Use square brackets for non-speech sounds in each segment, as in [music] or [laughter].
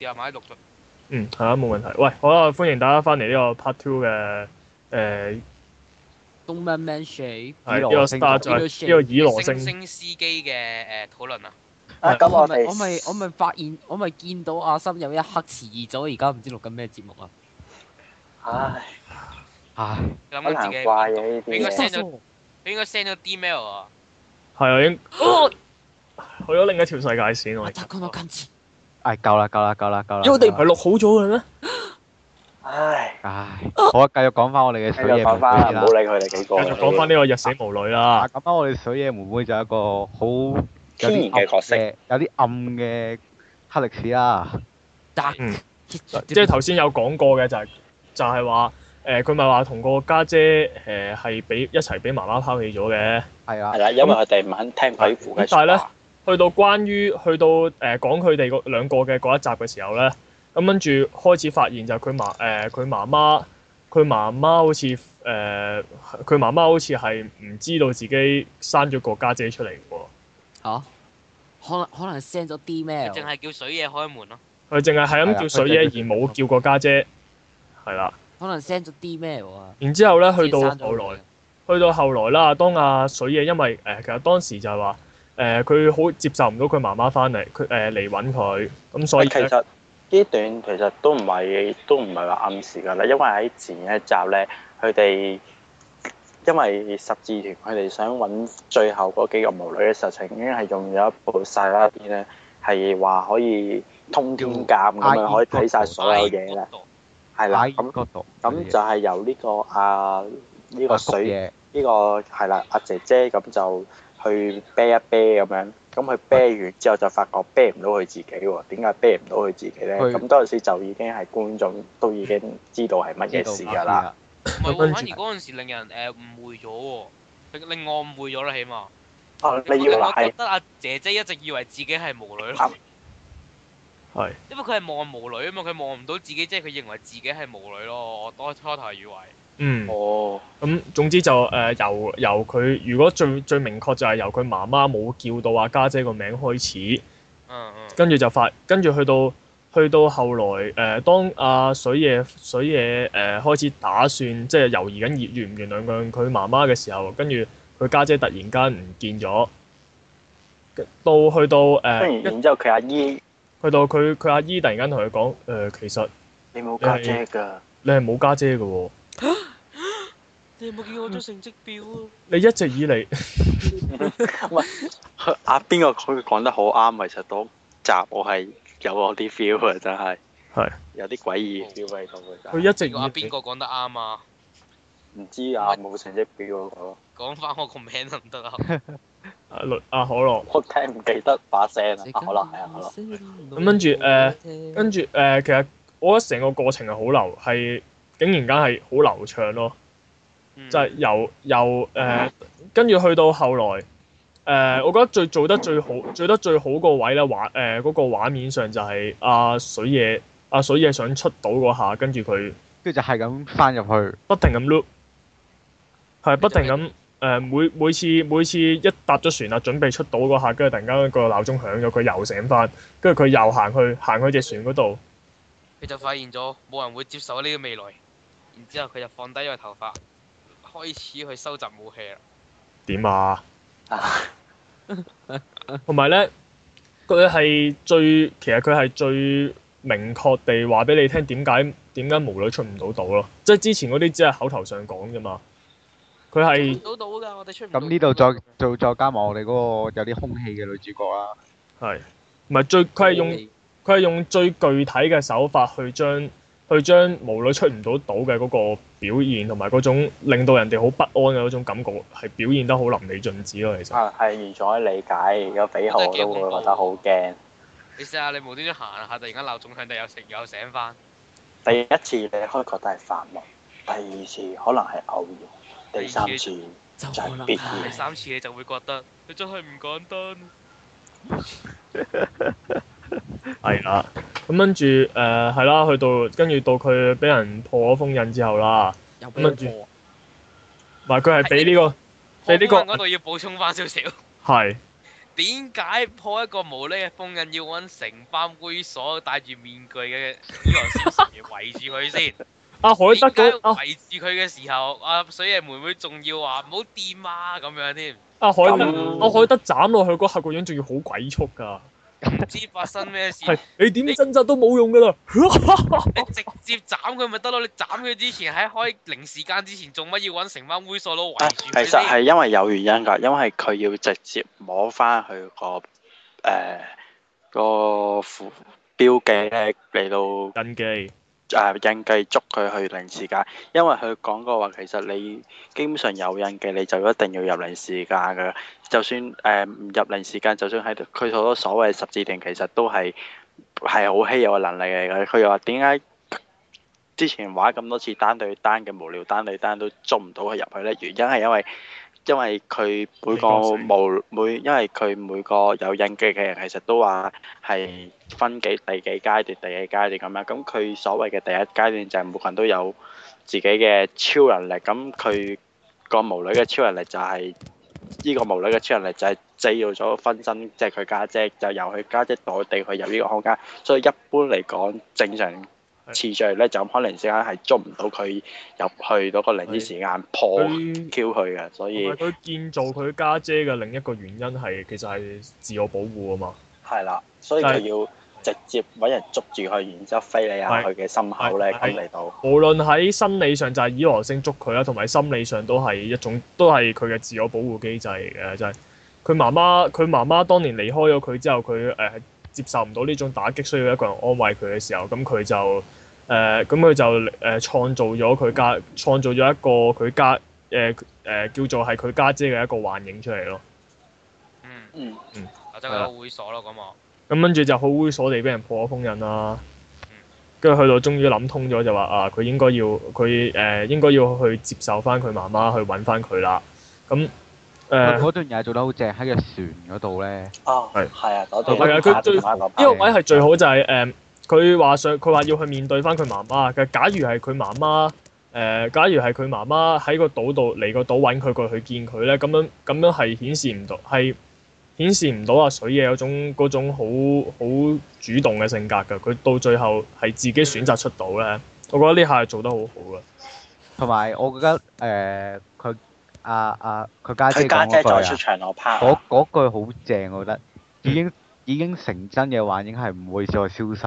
廿萬六萬，嗯係啊，冇問題。喂，好啦，歡迎大家翻嚟呢個 part two 嘅誒，東咩咩蛇，一個 s h a r 呢個以羅星星司機嘅誒討論啊。咁我哋，我咪我咪發現我咪見到阿森有一刻遲咗，而家唔知錄緊咩節目啊。唉唉，咁難怪嘅，應該 send 咗，應該 send 咗 D-mail 啊。係啊，應去咗另一條世界線我係夠啦，夠啦、哎，夠啦，夠啦！因為我哋唔係錄好咗嘅咩？唉唉，唉，好啊，繼續講翻我哋嘅水野妹妹啦，冇理佢哋幾個。繼續講翻呢個日死無女啦、啊。啊，咁啊，我哋水野妹妹就係一個好有啲暗嘅，有啲暗嘅黑歷史啦、啊。嗯、即係頭先有講過嘅就係、是、就係話，誒，佢咪話同個家姐，誒，係俾一齊俾媽媽拋棄咗嘅。係啊。係啦，因為佢哋唔肯聽佢。父嘅說去到關於去到誒講佢哋個兩個嘅嗰一集嘅時候呢，咁跟住開始發現就佢媽誒佢媽媽佢媽媽好似誒佢媽媽好似係唔知道自己生咗個家姐,姐出嚟喎吓，可能可能 send 咗啲咩？a i l 淨係叫水野開門咯、啊，佢淨係係咁叫水野而冇叫個家姐係啦，可能 send 咗啲咩 a 然之後咧，去到後來，啊、去到後來啦，當阿水野因為誒、呃、其實當時就係話。誒佢好接受唔到佢媽媽翻嚟，佢誒嚟揾佢，咁、呃嗯、所以其實呢段其實都唔係都唔係話暗示㗎啦，因為喺前一集咧，佢哋因為十字團佢哋想揾最後嗰幾個魔女嘅實情，已經係用咗一部細拉片咧，係話可以通天鑑咁、啊、樣可以睇晒所有嘢嘅，係啦，咁度，咁就係由呢、這個阿呢、啊這個水呢個係啦阿姐姐咁就，去啤一啤咁樣，咁佢啤完之後就發覺啤唔到佢自己喎，點解啤唔到佢自己咧？咁嗰陣時就已經係觀眾都已經知道係乜嘢事㗎啦。 [laughs] 反而嗰陣時令人誒誤會咗喎，令我誤會咗啦，起碼。啊，你以為我覺得阿姐姐一直以為自己係無女咯。係、啊。因為佢係望無女啊嘛，佢望唔到自己，即係佢認為自己係無女咯，我初頭以為。嗯，哦，咁總之就誒、呃、由由佢，如果最最明確就係由佢媽媽冇叫到阿家姐個名開始，嗯，跟住就發，跟住去到去到後來誒、呃，當阿、啊、水野水野誒、呃、開始打算即係猶疑緊，原唔原諒，佢媽媽嘅時候，跟住佢家姐突然間唔見咗，到去到誒，然之後佢阿姨，去到佢佢阿姨突然間同佢講誒，其實你冇家姐㗎，你係冇家姐㗎喎、哦。啊、你有冇見過我張成績表啊？你一直以嚟阿邊個講講得好啱，其實都集我係有我啲 feel 嘅，真係係有啲詭異 feel 佢一直話邊個講得啱啊？唔知啊，冇、啊、是成績表嗰個。講翻我個名得唔得啊？阿阿可樂，我聽唔記得把聲，聲啊，好啦，係啊，好啦。咁跟住誒、呃，跟住誒、呃呃，其實我覺得成個過程係好流，係。竟然梗係好流暢咯就，就係由由誒跟住去到後來誒、呃，我覺得最做得最好、做得最好個位咧畫誒嗰個畫面上就係、是、阿、啊、水野阿、啊、水野想出島嗰下，跟住佢跟住就係咁翻入去，就是、不停咁 loop，係不停咁誒每每次每次一搭咗船啊準備出島嗰下，跟住突然間個鬧鐘響咗，佢又醒翻，跟住佢又行去行去隻船嗰度，佢就發現咗冇人會接受呢個未來。然之後佢就放低咗個頭髮，開始去收集武器啦。點啊？同埋咧，佢係最，其實佢係最明確地話俾你聽點解點解巫女出唔到島咯。即係之前嗰啲只係口頭上講啫嘛。佢係咁呢度再再再加埋我哋嗰個有啲空氣嘅女主角啦。係，唔係最佢係用佢係氣用最具體嘅手法去將。去將無理出唔到島嘅嗰個表現，同埋嗰種令到人哋好不安嘅嗰種感覺，係表現得好淋漓盡致咯。其實啊，係可以理解，如果俾我都會覺得好驚啊。你試下你無端端行下，突然間鬧鐘響，定有又醒又醒翻。第一次你可能覺得係煩惱，第二次可能係偶然，第三次就係必然。呃就是，第三次你就會覺得你真係唔簡單。 [laughs] 係啦，咁跟住誒，係啦，去、呃、到跟住到佢俾人破咗封印之後啦，跟住，唔係佢係俾呢個，俾呢個，我度要補充翻少少，係點解破一個無厘嘅封印要揾成班猥瑣戴住面具嘅，呢圍住佢先。阿海德嘅圍住佢嘅時候，阿水爺妹妹仲要話唔好掂啊咁樣添。阿海德，阿海德斬落去嗰下個樣，仲要好鬼畜噶。唔知發生咩事，你點掙扎都冇用噶啦！ [laughs] 你直接斬佢咪得咯！你斬佢之前喺開零時間之前，做乜要揾成班猥瑣佬圍住佢？其實係因為有原因噶，因為佢要直接摸翻佢，那個誒、呃那個符標記咧嚟到登機誒、啊、印記捉佢去零時間，因為佢講過話，其實你基本上有印記，你就一定要入零時間嘅。就算誒唔、呃、入零時間，就算喺佢所所謂十字定，其實都係係好稀有嘅能力嚟嘅。佢又話點解之前玩咁多次單對單嘅無聊單對單都捉唔到佢入去呢？原因係因為。因為佢每個無每，因為佢每個有印記嘅人其實都話係分幾第幾階段、第幾階段咁樣。咁佢所謂嘅第一階段就係每個人都有自己嘅超能力。咁佢個無女嘅超能力就係、是、呢、呢個無女嘅超能力就係製造咗分身，即係佢家姐，姐就由佢家姐代地去入呢個空間。所以一般嚟講，正常。次序咧，就可能之間係捉唔到佢入去嗰個零之時間是破 Q 佢嘅，所以佢建造佢家姐嘅另一個原因係其實係自我保護啊嘛。係啦，所以佢要直接搵人捉住佢，然之後，後飛你下佢嘅心口咧，咁嚟到。無論喺心理上就係以和星捉佢啦，同埋心理上都係一種都係佢嘅自我保護機制嘅，就係。佢媽媽，佢媽媽當年離開咗佢之後，佢誒。呃接受唔到呢種打擊，需要一個人安慰佢嘅時候，咁佢就誒，咁、呃、佢就誒創造咗佢家，創造咗一個佢家誒誒、呃呃、叫做係佢家姐嘅一個幻影出嚟咯。嗯嗯嗯，即係會所咯咁啊。咁跟住就好猥瑣地俾人破咗封印啦。跟住去到終於諗通咗，就話啊，佢應該要佢誒、呃、應該要去接受返佢媽媽去搵返佢啦。咁、嗯。誒嗰段嘢做得好正，喺個船嗰度咧，係係啊，嗰段係啊，佢對最呢個位係最好就係、是、誒，佢話想佢話要去面對返佢媽媽。佢假如係佢媽媽誒、呃，假如係佢媽媽喺個島度嚟個島揾佢過去見佢咧，咁樣咁樣係顯示唔到，係顯示唔到阿水嘅嗰種嗰種好好主動嘅性格㗎。佢到最後係自己選擇出島咧，我覺得呢下係做得好好㗎。同埋我覺得誒。呃阿阿佢家姐講嗰句家姐出場拍啊，嗰嗰句好正，我覺得已經已經成真嘅環境係唔會再消失，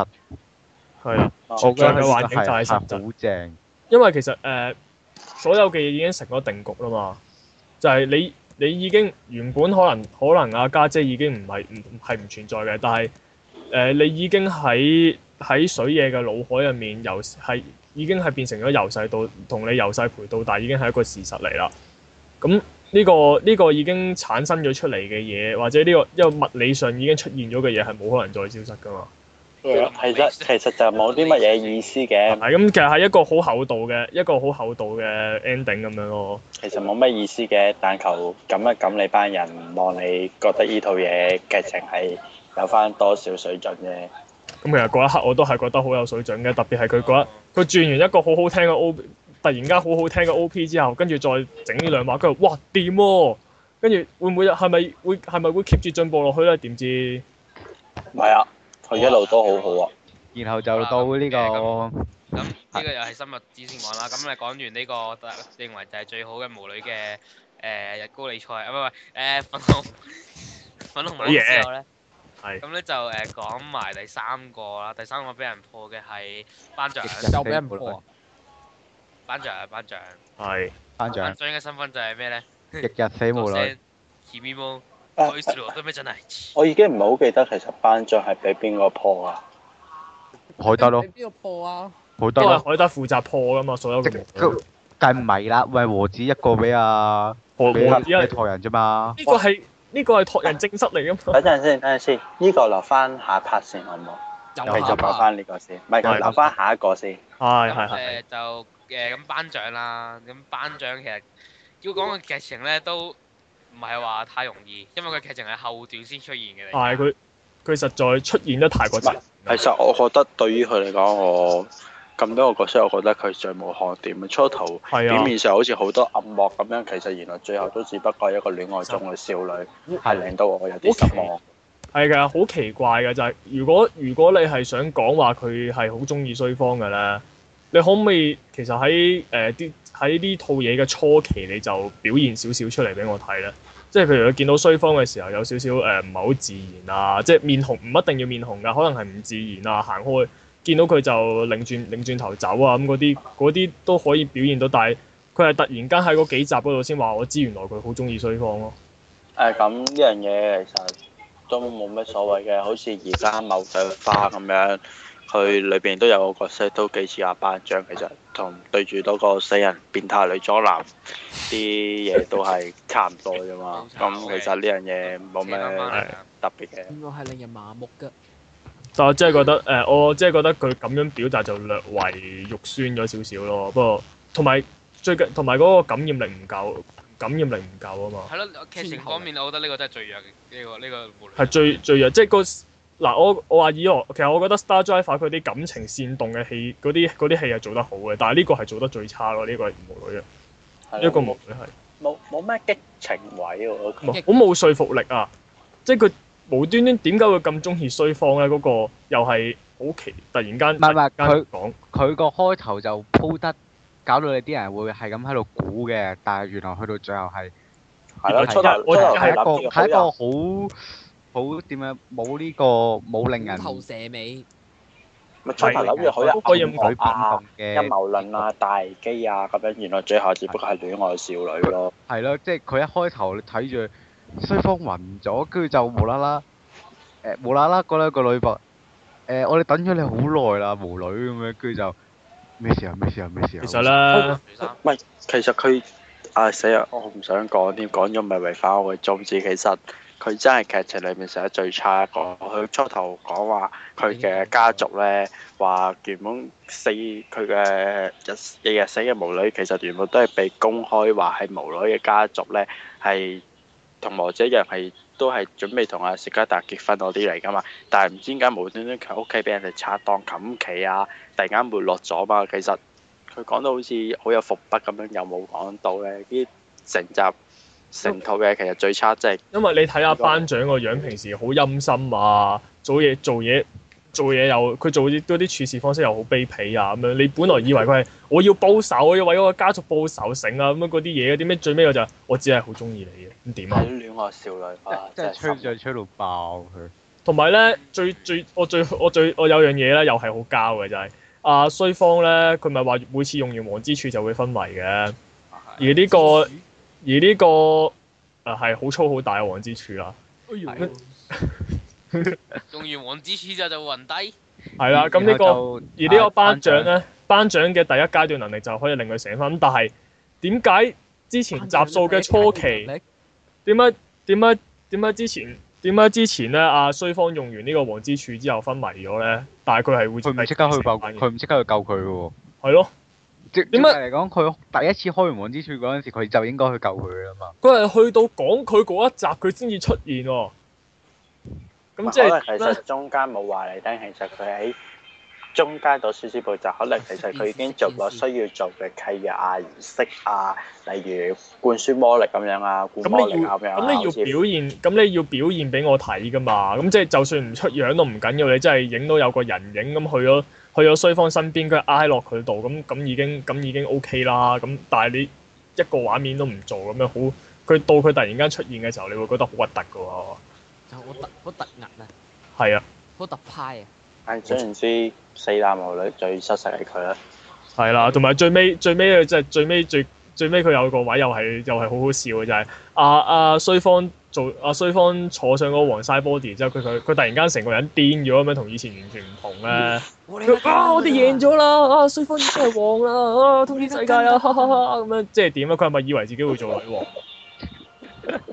係，絕對境就真，好正，啊。因為其實誒、呃，所有嘅嘢已經成咗定局啦嘛，就係、是、你你已經原本可能可能阿、啊、家姐已經唔係唔係唔存在嘅，但係誒、呃、你已經喺喺水野嘅腦海入面由係已經係變成咗由細到同你由細陪到大，已經係一個事實嚟啦。咁呢、嗯這個呢、這個已經產生咗出嚟嘅嘢，或者呢、這個因為、這個、物理上已經出現咗嘅嘢，係冇可能再消失噶嘛？係啦，其實就冇啲乜嘢意思嘅。係咁、嗯，其實係一個好厚道嘅一個好厚道嘅 ending 咁樣咯。其實冇乜意思嘅，但求咁一咁你班人望你覺得呢套嘢劇情係有翻多少水準嘅。咁、嗯、其實嗰一刻我都係覺得好有水準嘅，特別係佢覺得，佢轉完一個好好聽嘅突然間好好聽個 OP 之後，跟住再整呢兩話、啊，跟住哇掂喎，跟住會唔會係咪會係咪會 keep 住進步落去咧？點知？係啊，佢一路都好好啊。哇然後就到呢、呢個咁呢、啊呢個又係《深入之戰王》啦。咁你講完呢、呢個認為就係最好嘅巫女嘅誒日高理菜，唔係唔係粉紅粉紅之後咧，係咁咧就誒、呃、講埋第三個啦。第三個俾人破嘅係班長，就俾人班長啊，班長係班長。班長嘅身份就係咩咧？日日死無女，teamwork。啊，做咩真我已經唔係好記得，其實班長係俾邊個破啊？海德咯。邊個破啊？海德啊，海德負責破噶嘛，所有。即係唔係啦，喂，和子一個俾啊，和和子係托人啫嘛。呢個係呢個係托人正式嚟啊！等陣先，等陣先，呢個留翻下 part 先，好唔好？又係再講翻呢個先，唔係留翻下一個先。係係係。就。嘅咁，班長、呃、啦，咁班長其實要講個劇情咧，都唔係話太容易，因為佢劇情係後段先出現嘅。係佢，佢、啊、實在出現得太過。唔其實我覺得對於佢嚟講，我咁多個角色，我覺得佢最冇看點。初頭，表、啊、面上好似好多暗幕咁樣，其實原來最後都只不過係一個戀愛中嘅少女，係、啊、令到我有啲失望。係嘅、okay，好奇怪嘅就係、是，如果如果你係想講話佢係好中意衰方嘅咧。你可唔可以其實喺誒啲喺呢套嘢嘅初期你就表現少少出嚟俾我睇咧？即係譬如佢見到衰方嘅時候有少少誒唔係好自然啊，即係面紅唔一定要面紅噶，可能係唔自然啊，行開見到佢就擰轉擰轉，轉頭走啊咁，嗰啲啲都可以表現到，但係佢係突然間喺嗰幾集嗰度先話我知原來佢好鍾意衰方咯、啊。誒咁呢樣嘢其實都冇乜所謂嘅，好似而家某朵花咁樣。佢裏邊都有個角色，都幾似阿巴長。其實同對住嗰個死人變態女裝男啲嘢都係差唔多啫嘛。咁、 [laughs] 嗯、其實呢樣嘢冇咩特別嘅。應該係令人麻木㗎。但我真係覺得，誒、呃，我真係覺得佢咁樣表達就略為肉酸咗少少咯。不過同埋最近同埋嗰個感染力唔夠，感染力唔夠啊嘛。係咯，劇情方面，我覺得呢個真係最弱，呢個呢個。係、這個這個、最最弱，即、就、係、是嗱，我我話以我，其實我覺得 Star Driver 佢啲感情煽動嘅戲嗰啲，嗰啲戲係做得好嘅，但係呢個係做得最差咯，呢個係無女啊，一個無女係冇冇咩激情位喎，好冇説服力啊！即係佢無端端點解會咁中意衰方咧？嗰個又係好奇，突然間佢講佢個開頭就鋪得搞到你啲人會係咁喺度估嘅，但係原來去到最後係係咯，一個係一個好。好點樣冇呢個冇令人頭蛇尾。咪最後諗住可以歐亞嘅陰謀論啊、大機啊，咁樣原來最後只不過係戀愛少女咯。係咯，即係佢一開頭你睇住西方暈咗，跟住就無啦啦誒，無啦啦覺得個女僕誒，我哋等咗你好耐啦，無女咁樣，跟住就咩事啊？咩事啊？咩事啊？其實啦，唔係，其實佢啊死啊！我唔想講添，講咗咪違反我嘅宗旨。其實。佢真係劇情裏面寫得最差一個。佢初頭講話佢嘅家族呢，話原本死佢嘅日日日死嘅無女，其實全部都係被公開話係無女嘅家族呢，係同羅姐一樣係都係準備同阿石家達結婚嗰啲嚟噶嘛。但係唔知點解無端端佢屋企俾人哋拆檔冚棋啊，突然間沒落咗嘛。其實佢講到好似好有伏筆咁樣，又冇講到呢啲成集。成套嘅其實最差即係，因為你睇下班長個樣，平時好陰森啊，做嘢做嘢做嘢又佢做多啲處事方式又好卑鄙啊咁樣。你本來以為佢係我要報仇，我要為個家族報仇成啊咁樣嗰啲嘢，點解最尾我就係、我只係好中意你嘅咁點啊？戀愛少女啊，即係、啊、吹就吹，吹，吹到爆佢。同埋咧，最最我最我最，我，最我有樣嘢咧，又係好交嘅就係、係、阿、啊、衰方咧，佢咪話每次用完王之處就會昏迷嘅，而呢、呢個。而呢、這個啊係好粗好大嘅王之柱啦。 [laughs] 用完王之柱之、 [laughs] 嗯、後就暈低。係啦，咁呢個而呢個班長咧，班長嘅第一階段能力就可以令佢醒翻。但係點解之前集數嘅初期，點解點解點解之前點解之前咧？阿、啊、衰方用完呢個王之柱之後昏迷咗咧，但係佢係會佢唔即刻去救佢、哦，唔即刻去救佢嘅喎。係咯。點解嚟講佢第一次開門之處嗰陣時，佢就應該去救佢噶嘛？佢係去到講佢嗰一集，佢先至出現喎、哦。咁即係其實中間冇話嚟聽，其實佢喺。中間度少少步驟可能其實佢已經做咗需要做嘅契約啊、儀式啊，例如灌輸魔力咁樣啊，灌魔力啊，咁你要，咁樣，你要表現，咁你要表現俾我睇噶嘛，咁即係就算唔出樣都唔緊要，你真係影到有個人影咁去咗去咗衰方身邊，佢挨落佢度，咁咁已經咁已經 OK 啦，咁但係你一個畫面都唔做咁樣好，佢到佢突然間出現嘅時候，你會覺得好核突噶喎，就好突好突兀啊，係啊，好突派啊。啱，總言之，四男和女最失實係佢啦。係啦，同埋最尾最尾嘅就係最尾最最尾佢有個位又係又係好好笑嘅，就係阿阿衰方做阿衰方坐上嗰個黃曬 body 之後，佢佢佢突然間成個人癲咗咁樣，同以前完全唔同咧。啊，我哋贏咗啦！啊，衰方真係、啊、王啦、嗯啊啊！啊，通天世界啊！咁樣即係點啊？佢係咪以為自己會做女王？along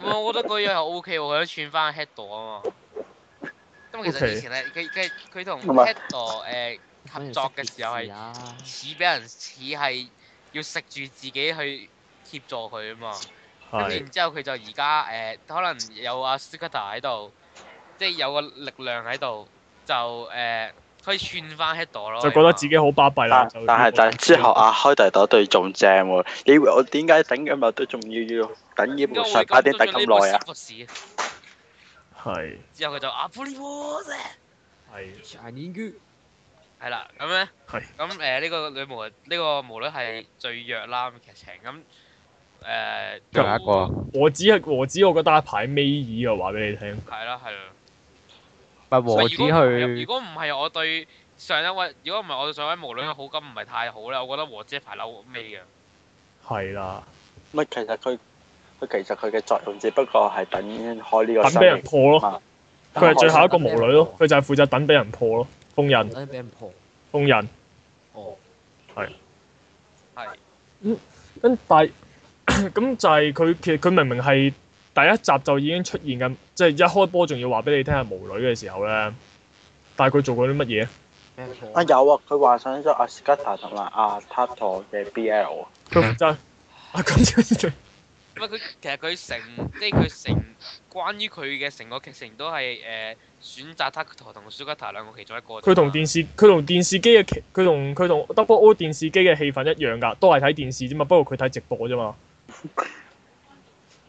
嗯、我覺得嗰樣又 O K 喎，佢一串翻 head 度啊嘛。咁其實以前咧，佢佢佢同 Headdo 誒、er、合作嘅時候係似俾人似係要食住自己去協助佢啊嘛。跟住然的之後佢就而家誒可能有阿 s e k t a 喺度，即、就、係、是、有個力量喺度就誒可以串翻 Headdo 咯、er。就覺得自己好巴閉啦。但係但係之後阿開大隊仲正喎，你以為我為我點我點解頂今日都仲要要頂呢盤啲卡丁咁耐啊？係，之後佢就阿布利波斯，係，係女駒，係啦，咁咧，係，咁誒呢個女巫，呢個巫女係最弱啦，劇情咁誒，仲有一個，和子係和子，我覺得一排尾耳啊，話俾你聽，係啦係啦，咪和子去，如果唔係我對上一位，如果唔係我對上位巫女嘅好感唔係太好啦，我覺得和子一排樓尾嘅，係啦，咪其實佢。佢其實佢嘅作用只不過係等開呢個，等俾人破咯。佢係是最後一個巫女咯，佢就係負責等俾人破咯。封印，等俾人破，封印。哦，係是，係。嗯，但係，咁 [laughs] 就係佢其實佢明明係第一集就已經出現緊，即係一開波仲要話俾你聽係巫女嘅時候咧。但係佢做過啲乜嘢？啊有啊，佢話上咗阿斯卡塔同埋阿塔托嘅 BL。真、嗯，啊咁樣先唔係佢，其實佢成，即係佢成，關於佢嘅成個劇情都係誒、呃、選擇塔圖同 s u 蘇格塔兩個其中一個。佢同電視，佢同電視機嘅佢同佢同 Double O 電視機嘅戲份一樣㗎，都係睇電視啫嘛，不過佢睇直播啫嘛。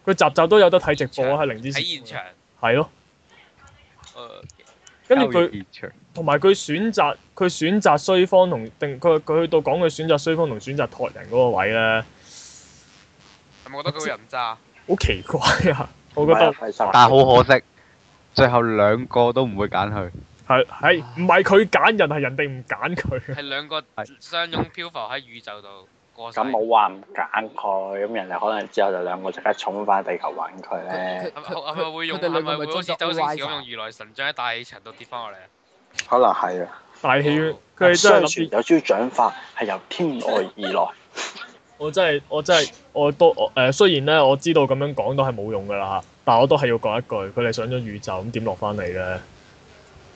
佢集集都有得睇直播喺零電視。睇現場。係咯。Okay. 跟住佢，同埋佢選擇，佢選擇衰方同定，佢佢去到講佢選擇衰方同選擇託人嗰個位咧。冇得個人渣、啊，好奇怪啊！我覺得，啊、但係好可惜，最後兩個都唔會揀佢。係係， [laughs] 唔係佢揀人，係人哋唔揀佢。係兩個相擁漂浮喺宇宙度過。咁冇話唔揀佢，咁人哋可能之後就兩個直接衝翻地球揾佢咧。係咪會用？係咪好似周星馳咁用如來神掌喺大氣層度跌翻落嚟？可能係啊，大氣佢相傳有少少掌法係由天外而來。 [laughs] 我真係我真係我都誒、呃，雖然咧我知道咁樣講都係冇用噶啦嚇，但我都係要講一句，佢哋上咗宇宙咁點落翻嚟嘅？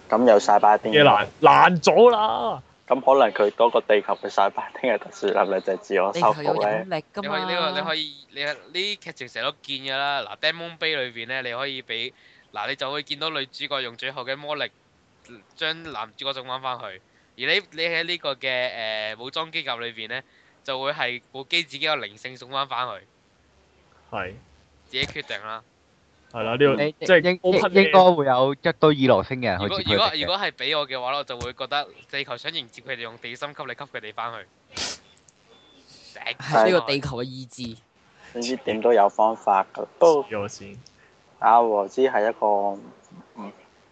咁有晒把電？野難難咗啦！咁可能佢嗰個地球嘅晒把，聽日特殊間咧就，是、是是就是自我修復咧？你佢有引力噶嘛？你可以呢個你可以你呢啲劇情成日都見㗎啦嗱、啊、Damon Bay 裏邊咧你可以俾嗱、啊，你就會見到女主角用最後嘅魔力將男主角送翻去，而你你喺呢個嘅誒、呃、武裝機構裏邊咧。就會係部機自己有靈性送翻翻去，係的自己決定啦。係啦，呢、這個即係你是應應應該會有一堆二流星嘅。如果如果如果係俾我嘅話，我就會覺得地球想迎接佢哋，用地心吸力吸佢哋翻去。呢個的地球嘅意志，總之點都有方法㗎。都阿和之係一個。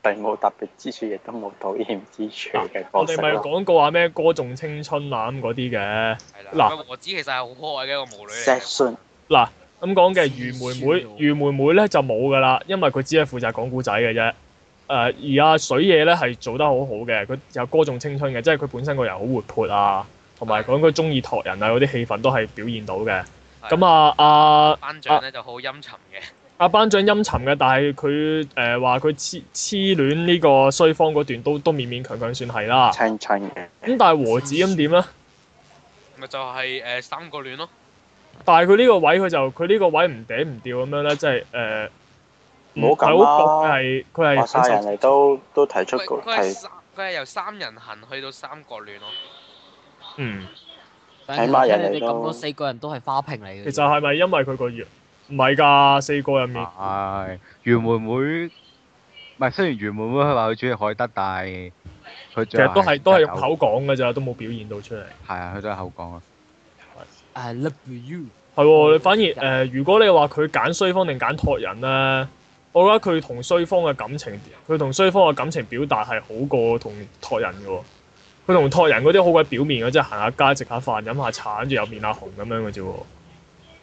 並冇特別之處，亦都冇討厭之處嘅。 [laughs] 我哋咪講過話咩歌頌青春啊咁嗰啲嘅。嗱，我知的嘆其實係好可愛嘅，一個舞女。section 嗱咁講嘅魚妹妹，魚妹妹咧就冇㗎啦，因為佢只係負責講古仔嘅啫。誒、呃，而阿水野咧係做得好好嘅，佢有歌頌青春嘅，即係佢本身個人好活潑啊，同埋講佢中意托人啊嗰啲氣氛都係表現到嘅。咁的、嗯、啊阿、啊、班長咧就好陰沉嘅。 [laughs] [laughs] 阿班長陰沉嘅，但係佢誒話佢痴痴戀呢個衰方嗰段都都勉勉強強算係啦。咁、嗯、但係和子咁點咧？咪就係、是、誒、呃、三角戀咯。但係佢呢個位佢就佢呢個位唔嗲唔吊咁樣咧，即係誒唔好咁佢係佢係，呃、都都提出過。佢係由三人行去到三角戀咯。嗯。係嘛？人哋咁多四個人都係花瓶嚟嘅。其實係咪因為佢個樣？唔係噶，四個入面，袁、啊、妹妹，唔係雖然袁妹妹佢話佢中意海德，但係其實都係油都係用口講嘅咋，都冇表現到出嚟。係啊，佢都係口講啊。Right. I love you。係喎，反而誒 love、呃，如果你話佢揀衰方定揀托人咧，我覺得佢同衰方嘅感情，佢同衰方嘅感情表達係好過同托人嘅喎。佢同托人嗰啲好鬼表面嘅啫，即係行下街食下飯飲下茶、跟住又面阿紅咁樣嘅啫喎。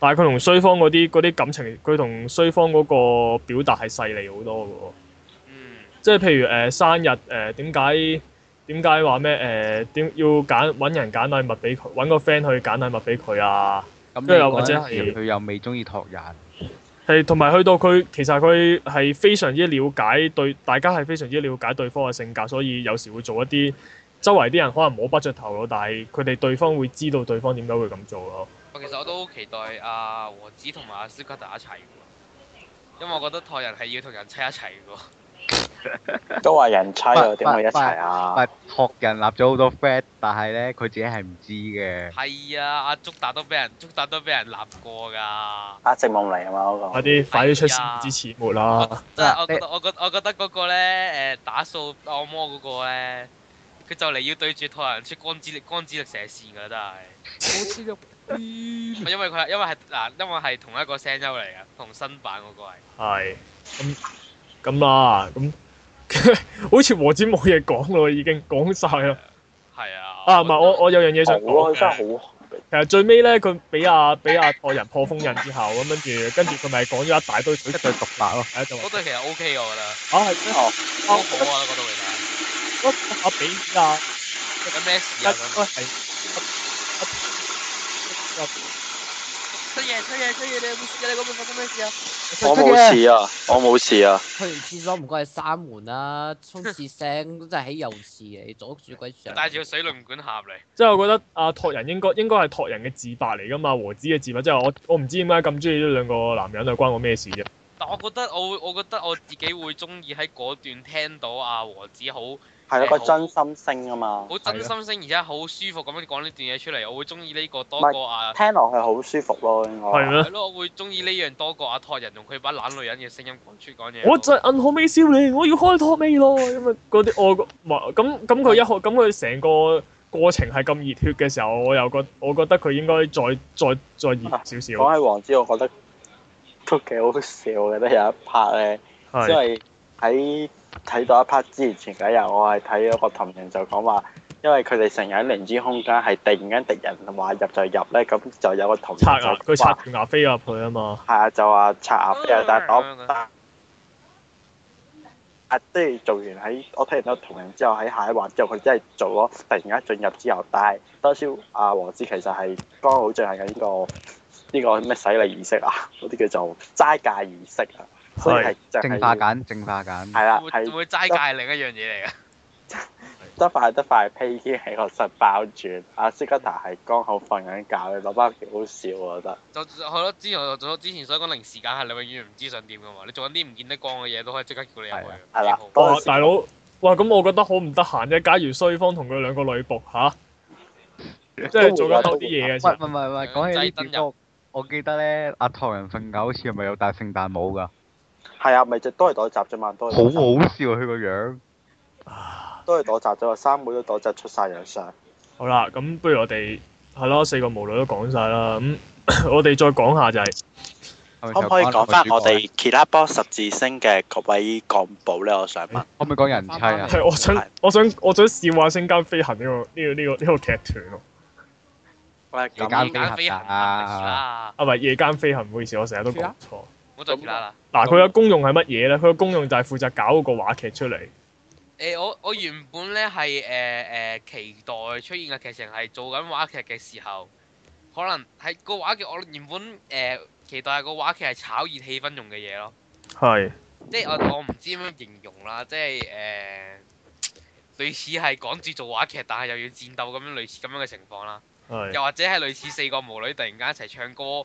但係佢同衰方嗰啲，啲感情，佢同衰方嗰個表達係細膩好多嘅喎。即係譬如誒、呃、生日誒點解點解話咩誒點要揀揾人揀禮物俾佢揾個 friend 去揀禮物俾佢啊？咁你或者係佢又未中意託人。係，同埋去到佢其實佢係非常之了解對大家係非常之了解對方嘅性格，所以有時會做一啲周圍啲人可能摸不着頭腦，但係佢哋對方會知道對方點解會咁做咯。其實我都好期待阿、啊、和子同埋阿斯嘉打一齊喎，因為我覺得托人係要同人妻一齊嘅喎。 [laughs] 都話人妻喎，點可以一齊啊？托人立咗好多 friend，但係咧佢自己係唔知嘅。係啊，阿、啊、竹達都俾人竹達都俾人立過㗎。阿靜夢嚟係嘛我、啊、個？快啲快啲出線支前我啦！即係我我覺我覺得嗰個咧誒打掃按摩嗰個咧，佢就嚟要對住托人出光之力光之力射線㗎真係。好似 [laughs] [laughs] 唔係因為佢，因為係嗱，因為係同一個聲優嚟嘅，同新版嗰個係。係。咁咁啦，咁好似和子冇嘢講咯，已經講晒啦。係啊。啊唔係，我我有樣嘢想講嘅。好啊，真係好。其實最尾咧，佢俾阿俾阿拓人破封印之後，咁跟住跟住佢咪講咗一大堆水準獨白咯，喺度。嗰對其實 OK 嘅，我覺得。啊係咩？啊，好啊，嗰對其實。阿俾阿，做緊咩事啊？咁。喂，係。衰衰爺衰爺衰你有冇事啊？你嗰邊發生咩事，事啊？我冇事啊，我冇事啊。去完廁所唔該係閂門啦，沖廁聲真係喺右嚟阻住鬼上。帶住個死輪唔管吓你。即係我覺得阿拓、啊、人應該應該係托人嘅自白嚟噶嘛，和子嘅自白。即係我我唔知點解咁中意呢兩個男人啊，關我咩事啫？但我覺得我我覺得我自己會中意喺嗰段聽到阿、啊、和子好。係咯，個真心聲啊嘛，好真心聲，而且好舒服咁樣講呢段嘢出嚟，我會中意呢個多過阿聽落去好舒服咯，應該係咯，係嗎咯，我會中意呢樣多過阿、啊、託人用佢把懶女人嘅聲音講出講嘢。我就銀河美少女，我要開拖尾咯， [laughs] 因為嗰啲我咁咁佢一開咁佢成個過程係咁熱血嘅時候，我又覺得我覺得佢應該再再再熱少少、啊。講起王子，我覺得都幾好笑，嘅。覺得有一拍咧，即 [laughs] 為喺。 [laughs] 睇到一 part 之前前幾日，我係睇咗個同人就講話，因為佢哋成日喺靈珠空間係突然間敵人話入就入咧，咁就有個同人就話，佢刷，刷牙飛入去啊嘛。係啊，就話刷牙飛啊，但係我但即係做完喺我睇完咗同人之後喺下一話之後佢真係做咗突然間進入之後，但係當時阿黃子其實係剛好進行緊呢個呢、呢個咩、呢個、洗禮儀式啊，嗰啲叫做齋戒儀式啊。所以係淨化緊，淨化緊。係啦，係會齋戒另一樣嘢嚟噶。得快得快，披肩喺個身包住。阿斯卡塔係剛好瞓緊覺，你攞翻嚟幾好笑我覺得。就係咯，之前我做之前所講零時間係你永遠唔知想點嘅嘛。你做緊啲唔見得光嘅嘢都可以即刻叫你入去。係啦。大佬，哇咁我覺得好唔得閒啫。假如衰方同佢兩個女僕，吓，即係做緊啲嘢嘅先。唔唔唔，講起呢啲嘢，我記得咧，阿唐人瞓覺好似係咪有戴聖誕帽噶？係啊，咪就都係躲集啫嘛，都好好笑佢個樣。都係躲集咗，三妹都躲集出晒樣相。好啦，咁不如我哋係咯，四個無女都講晒啦。咁 [laughs] 我哋再講下就係、是， [laughs] 可唔可以講翻我哋其他波十字星嘅各位幹部咧？我想問，可唔可以講人妻啊？係我想，我想，我想試下星間飛行呢、這個呢、這個呢、這個呢、這個劇團。這個這個、 [laughs] 喂，夜間飛行，飛行飛啊， [laughs] 啊唔係夜間飛行，唔好意思，我成日都講錯下。 [laughs] 我就唔得啦。嗱，佢個功用係乜嘢？咧佢個功用就係負責搞嗰個話劇出嚟。誒，我我原本咧係誒誒期待出現嘅劇情係做緊話劇嘅時候，可能喺個話劇我原本誒、呃、期待係個話劇係炒熱氣氛用嘅嘢咯。係是。即係我我唔知點樣形容啦，即係誒、呃、類似係講住做話劇，但係又要戰鬥咁樣類似咁樣嘅情況啦。是又或者係類似四個魔女突然間一齊唱歌。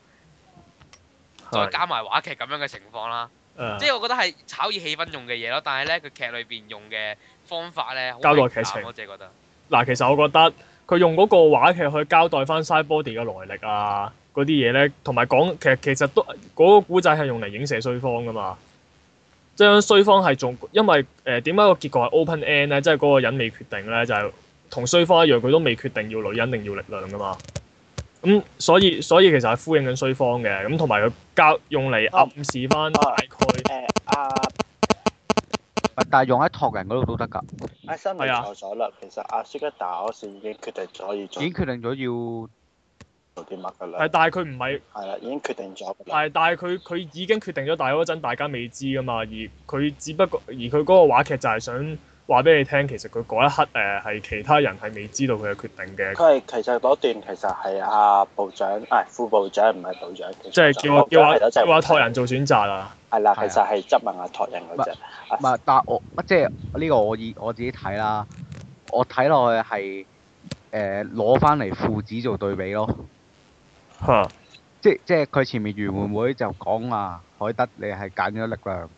再加埋話劇咁樣嘅情況啦，嗯、即係我覺得係炒熱氣氛用嘅嘢咯。但係咧，佢劇裏邊用嘅方法咧，交代劇情，我自己覺得。嗱，其實我覺得佢用嗰個話劇去交代翻 Side Body 嘅來歷啊，嗰啲嘢咧，同埋講其實其實都嗰、嗰個古仔係用嚟影射衰方噶嘛。將、就係、衰方係仲因為誒點解個結果係 Open End 咧，即係嗰個人未決定咧，就係、係、同衰方一樣，佢都未決定要女人定要力量噶嘛。咁、嗯、所以所以其實係呼應緊衰方嘅，咁同埋佢交用嚟暗示翻大概誒阿但係用喺托人嗰度都得㗎。誒新嚟啊！哎、呀錯咗啦，其實阿 Sugata 嗰時已經決定咗，已經決定咗要，但係佢唔係係啦，已經決定咗。係，但係佢佢已經決定咗，但係嗰陣大家未知㗎嘛，而佢只不過而佢嗰個話劇就係想。話俾你聽，其實佢嗰一刻誒係、呃、其他人係未知道佢嘅決定嘅。佢係其實嗰段其實係阿、啊、部長，唔、哎、副部長，唔係部長。即係叫叫阿我我托人做選擇啦。係啦的，的其實係質問阿、啊、托人嗰隻。唔係不的，但我即係呢、這個我以我自己睇啦，我睇落去係誒攞返嚟父子做對比咯。嚇 Huh?！即即係佢前面袁妹妹就講話、啊、海德，你係揀咗力量。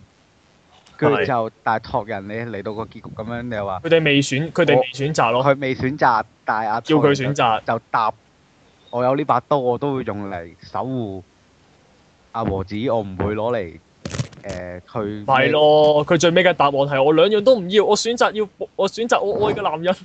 跟住就帶託人咧嚟到個結局咁樣，你話佢哋未選，佢哋未選擇咯。佢未選擇，但阿要佢選擇就答：我有呢把刀，我都會用嚟守護阿和子，我唔會攞嚟誒去。係咯，佢最尾嘅答案係我兩樣都唔要，我選擇要我選擇我愛嘅男人。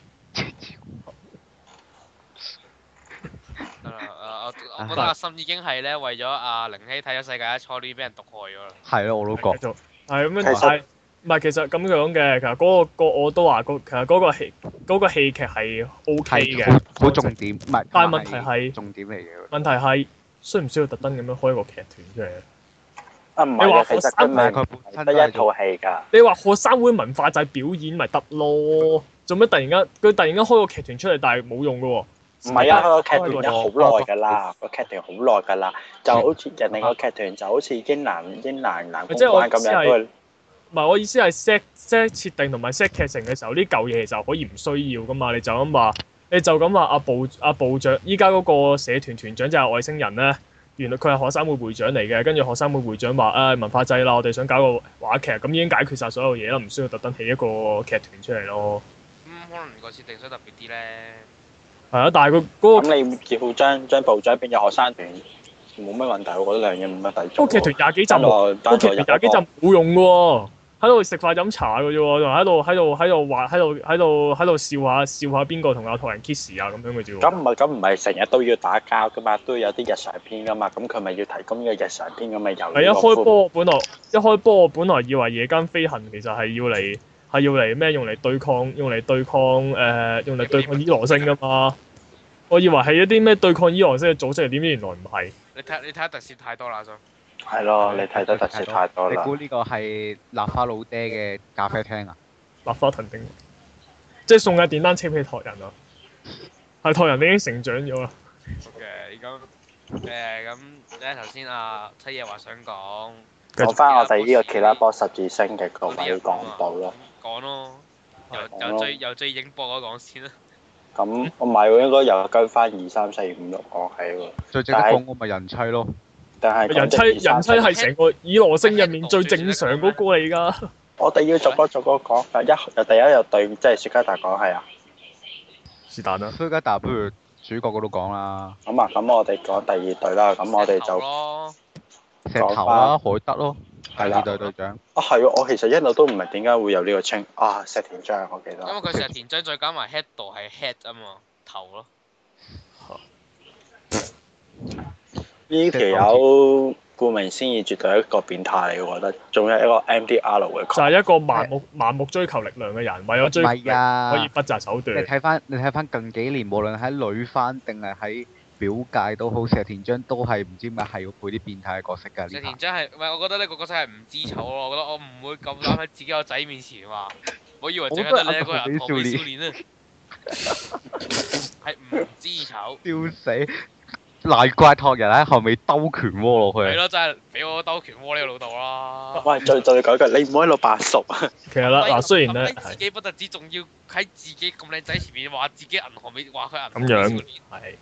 啊啊！我個心已經係咧，為咗阿玲希睇咗世界一初啲俾人毒害咗啦。係咯，我都覺。係咁樣，係唔係其實咁樣嘅？其實嗰個個我都話，嗰其實嗰個戲嗰個戲劇係 O K 嘅，好重點。唔係，但係問題係重點嚟嘅。問題係需唔需要特登咁樣開一個劇團出嚟？啊，唔係，你話學生唔係得一套戲㗎？你話學生會文化就係表演咪得咯？做咩突然間佢突然間開個劇團出嚟，但係冇用嘅喎？唔係啊！個劇團好耐㗎啦，個劇團好耐㗎啦，就好似人哋個劇團就好似英男英男男館咁樣。即係我意思係，唔係吧我意思係 set set 設定同埋 set 劇情嘅時候，啲舊嘢就可以唔需要噶嘛。你就咁話，你就咁話。阿、啊、部阿、啊、部長依家嗰個社團團長就係外星人咧。原來佢係學生會會長嚟嘅，跟住學生會會長話啊、哎，文化祭啦，我哋想搞個話劇，咁已經解決晒所有嘢啦，唔需要特登起一個劇團出嚟咯。咁、嗯、可能個設定想特別啲咧。係啊，但係佢嗰個你要將將部長變咗學生團，冇乜問題，我覺得兩樣冇乜抵觸。烏劇團廿幾集，烏劇團廿幾集冇用嘅，喺度食飯飲茶嘅啫，就喺度喺度喺度話喺度喺度喺度笑下笑下邊個同阿托人 kiss 啊咁樣嘅啫。咁唔係咁唔係成日都要打交噶嘛，都有啲日常片噶嘛，咁佢咪要提供呢個日常片咁咪有。我一開波，本來一開波，本來以為夜間飛行其實係要你，係用嚟咩？用嚟對抗，用嚟對抗，誒、呃，用嚟對抗伊羅星噶嘛？我以為係一啲咩對抗伊羅星嘅組織嚟，點知原來唔係。你睇下，你睇下特寫太多啦，真。係咯、嗯，嗯、你睇得特寫太多。你估呢個係立花老爹嘅咖啡廳啊？立花騰丁？即係送嘅電單車俾你託人啊！係託人，你已經成長咗啦。好而家。誒、呃、咁，咧頭先阿七爺話想講，講翻我哋呢個其他波十字星嘅各位幹部咯。嗯啊講咯，又由，由最由最影博嗰講先啦、嗯。咁我咪應該又跟翻二三四五六講起喎。最正講我咪人妻咯。但係人妻人妻係成個以羅星入面最正常嗰個嚟㗎、嗯。啊、我哋要逐個逐個講，第一由第一由對，即係雪加達講係啊。是但啊，雪加達不如主角嗰度講啦。咁啊，咁我哋講第二對啦。咁我哋就石頭啦、啊，海德咯。係啦，隊、隊長啊，係啊，我其實我一路都唔明點解會有呢個稱啊，石田章，我記得。因為佢石田章再加埋 head 度係 head 啊嘛，頭咯。呢條友顧名思義絕對係一個變態嚟，嘅。我覺得。仲有一個 M D R 嘅。就係一個盲目盲目追求力量嘅人，為咗追求力啊，可以不擇手段。你睇翻你睇翻近幾年，無論喺女番定係喺。表界都好，石田彰都係唔知咩係要配啲變態嘅角色㗎。石田彰係唔係？我覺得呢個角色係唔知醜咯。我覺得我唔會咁諗喺自己個仔面前話，我以為淨係得一個人破皮少年啊。係唔知醜。笑死！難怪託人喺後尾兜拳窩落去。係咯，真係俾我兜拳窩呢個老豆啦。喂，再再講一句，你唔可以喺度白熟啊。其實啦，嗱，雖然呢係自己不單止仲要喺自己咁靚仔前面話自己銀行未話佢銀行。咁樣係。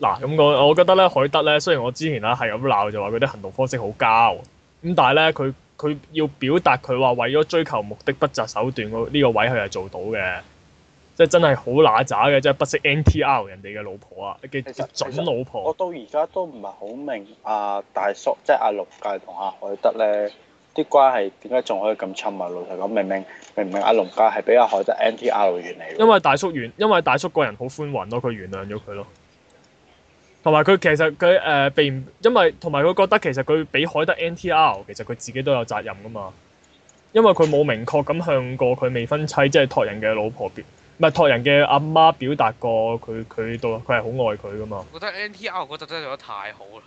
嗱，咁、啊、我我覺得咧，海德咧，雖然我之前啦係咁鬧就話佢啲行動方式好膠咁，但係咧佢佢要表達佢話為咗追求目的不擇手段呢、呢個位，佢係做到嘅，即係真係好乸渣嘅，即係不惜 N T R 人哋嘅老婆啊嘅嘅準老婆。實老婆我到而家都唔係好明阿、啊、大叔，即係阿龍介同阿海德咧啲關係點解仲可以咁親密？老實講，明明明明阿龍介係俾阿海德 N T R 完嚟，因為大叔完，因為大叔個人好寬宏咯，佢原諒咗佢咯。同埋佢其實佢誒並唔因為同埋佢覺得其實佢俾海德 NTR 其實佢自己都有責任噶嘛，因為佢冇明確咁向過佢未婚妻即係托人嘅老婆表，唔係托人嘅阿媽表達過佢佢對佢係好愛佢噶嘛。我覺得 NTR 嗰集真係做得太好啦，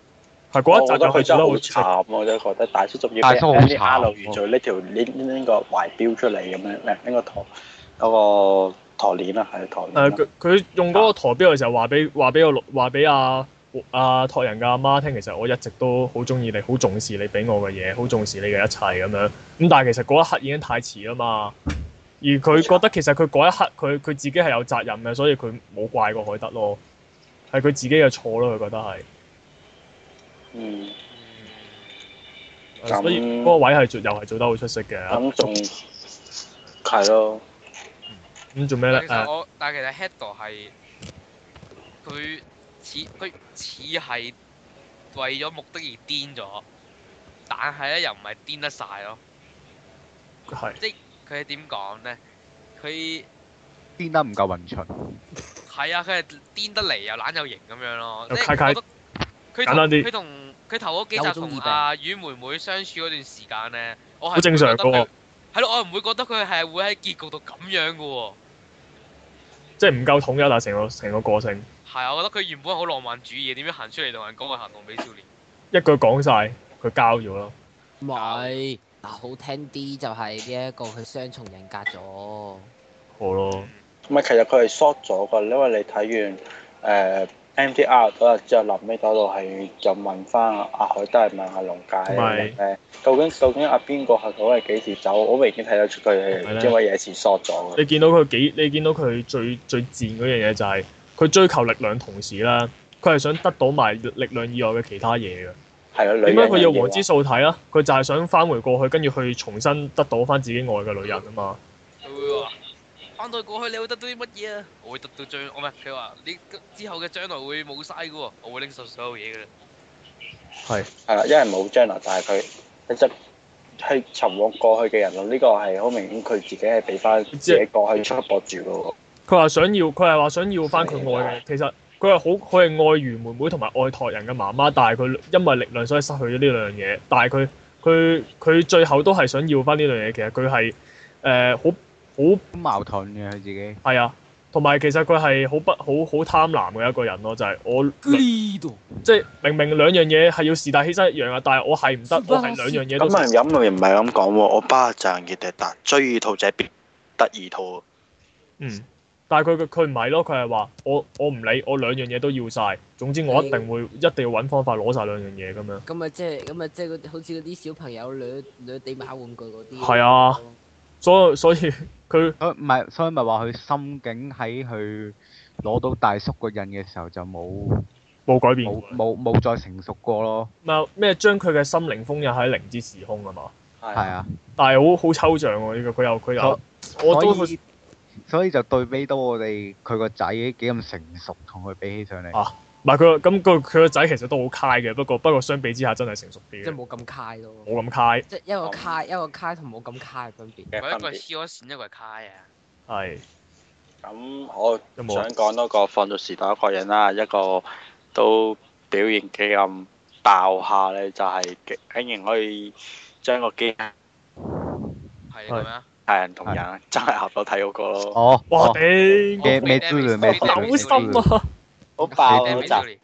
係嗰一集就覺得好慘，我都覺得大叔仲要大叔好慘，完咗呢條呢呢個懷表出嚟咁樣，呢呢個託嗰個。台鏈啦，係台鏈。誒佢佢用嗰個台標嘅時候，話俾話俾我話俾阿阿託人嘅阿媽，媽聽，其實我一直都好鍾意你，好重視你俾我嘅嘢，好重視你嘅一切咁樣。咁但係其實嗰一刻已經太遲啦嘛。而佢覺得其實佢嗰一刻佢佢自己係有責任嘅，所以佢冇怪過海德咯，係佢自己嘅錯咯，佢覺得係。嗯。咁嗰、嗯嗯嗯、個位係又係做得好出色嘅。咁係咯。咁、嗯、做咩咧？其實我、啊、但係其實 headdo 係佢似佢似係為咗目的而癲咗，但係咧又唔係癲得曬咯。係是即係佢點講咧？佢癲得唔夠混純。係啊，佢係癲得嚟又懶又型咁樣咯。 [laughs] 即係覺得佢同佢頭嗰幾集同阿雨妹妹相處嗰段時間咧，我係正常佢係咯，我唔會覺得佢係、哦、會喺結局度咁樣㗎喎。即係唔夠統一，但係成個成個個性。係啊，我覺得佢原本好浪漫主義，點樣行出嚟同人講個行動俾少年？一句講晒，佢交咗咯。唔係，嗱好聽啲就係呢一個佢雙重人格咗。好咯了，唔係其實佢係 short 咗㗎，因為你睇完誒。呃 MTR 走咗之後，臨尾走到係就問翻阿海，都係問阿、啊、龍介咧有，究竟究竟阿、啊、邊個係嗰個幾時走？我明顯睇得出佢係因為嘢事縮咗，你見到佢幾？你見到佢最最賤嗰樣嘢就係、是、佢追求力量同時啦，佢係想得到埋力量以外嘅其他嘢嘅。係啊，點解佢要黃之素睇啊？佢、嗯、就係想翻回過去，跟住去重新得到翻自己愛嘅女人啊嘛！翻到過去，你會得到啲乜嘢啊？我會得到將，我咩？佢話你之後嘅將來會冇晒㗎喎，我會拎曬所有嘢嘅。係係啊， [noise] 因為冇將來，但係佢一直係尋獲過去嘅人咯。呢、呢個係好明顯，佢自己係俾翻即係過去束縛住㗎喎。佢話想要，佢係話想要翻佢愛嘅。其實佢係好，佢係愛如妹妹同埋愛託人嘅媽媽，但係佢因為力量所以失去咗呢兩樣嘢。但係佢佢佢最後都係想要翻呢兩樣嘢。其實佢係誒好。呃好矛盾嘅自己，係啊，同埋其實佢係好不好好貪婪嘅一個人咯，就係、是、我呢度， [noise] 即係明明兩樣嘢係要是大犧牲一樣啊，但係我係唔得我係兩樣嘢都。咁啊，飲又唔係咁講喎，我巴仗嘅但追二兔者，變得二套嗯，但係佢佢唔係咯，佢係話我我唔理，我兩樣嘢都要晒，總之我一定會的一定要揾方法攞晒兩樣嘢咁樣。咁啊、就是，即係咁啊，即係好似嗰啲小朋友兩兩底買玩具嗰啲。係啊，所所以。所以所以佢，所以唔係，所以咪話佢心境喺佢攞到大叔個印嘅時候就冇，冇改變，冇冇再成熟過咯。咩？將佢嘅心靈封印喺零之時空啊嘛。係啊。但係好好抽象喎，呢個，佢又佢又，以我都所以，他所以就對比到我哋佢個仔幾咁成熟，同佢比起上嚟。啊。唔係佢個咁佢佢個仔其實都好 cay 嘅，不過不過相比之下真係成熟啲，即係冇咁 cay 咯，冇咁 cay 即係一個卡，一個卡，同冇咁 cay 嘅分別，佢、呃、一個超級閃一個 cay 啊，係是，咁、嗯、我想講多個放咗時代一個人啦，一個都表現幾咁爆下咧，就係竟然可以將個機，係咩啊？係人同人嗎真係合到睇嗰個咯，哇！頂咩咩招啊？咩招好深啊！好爆！飛爹美少年，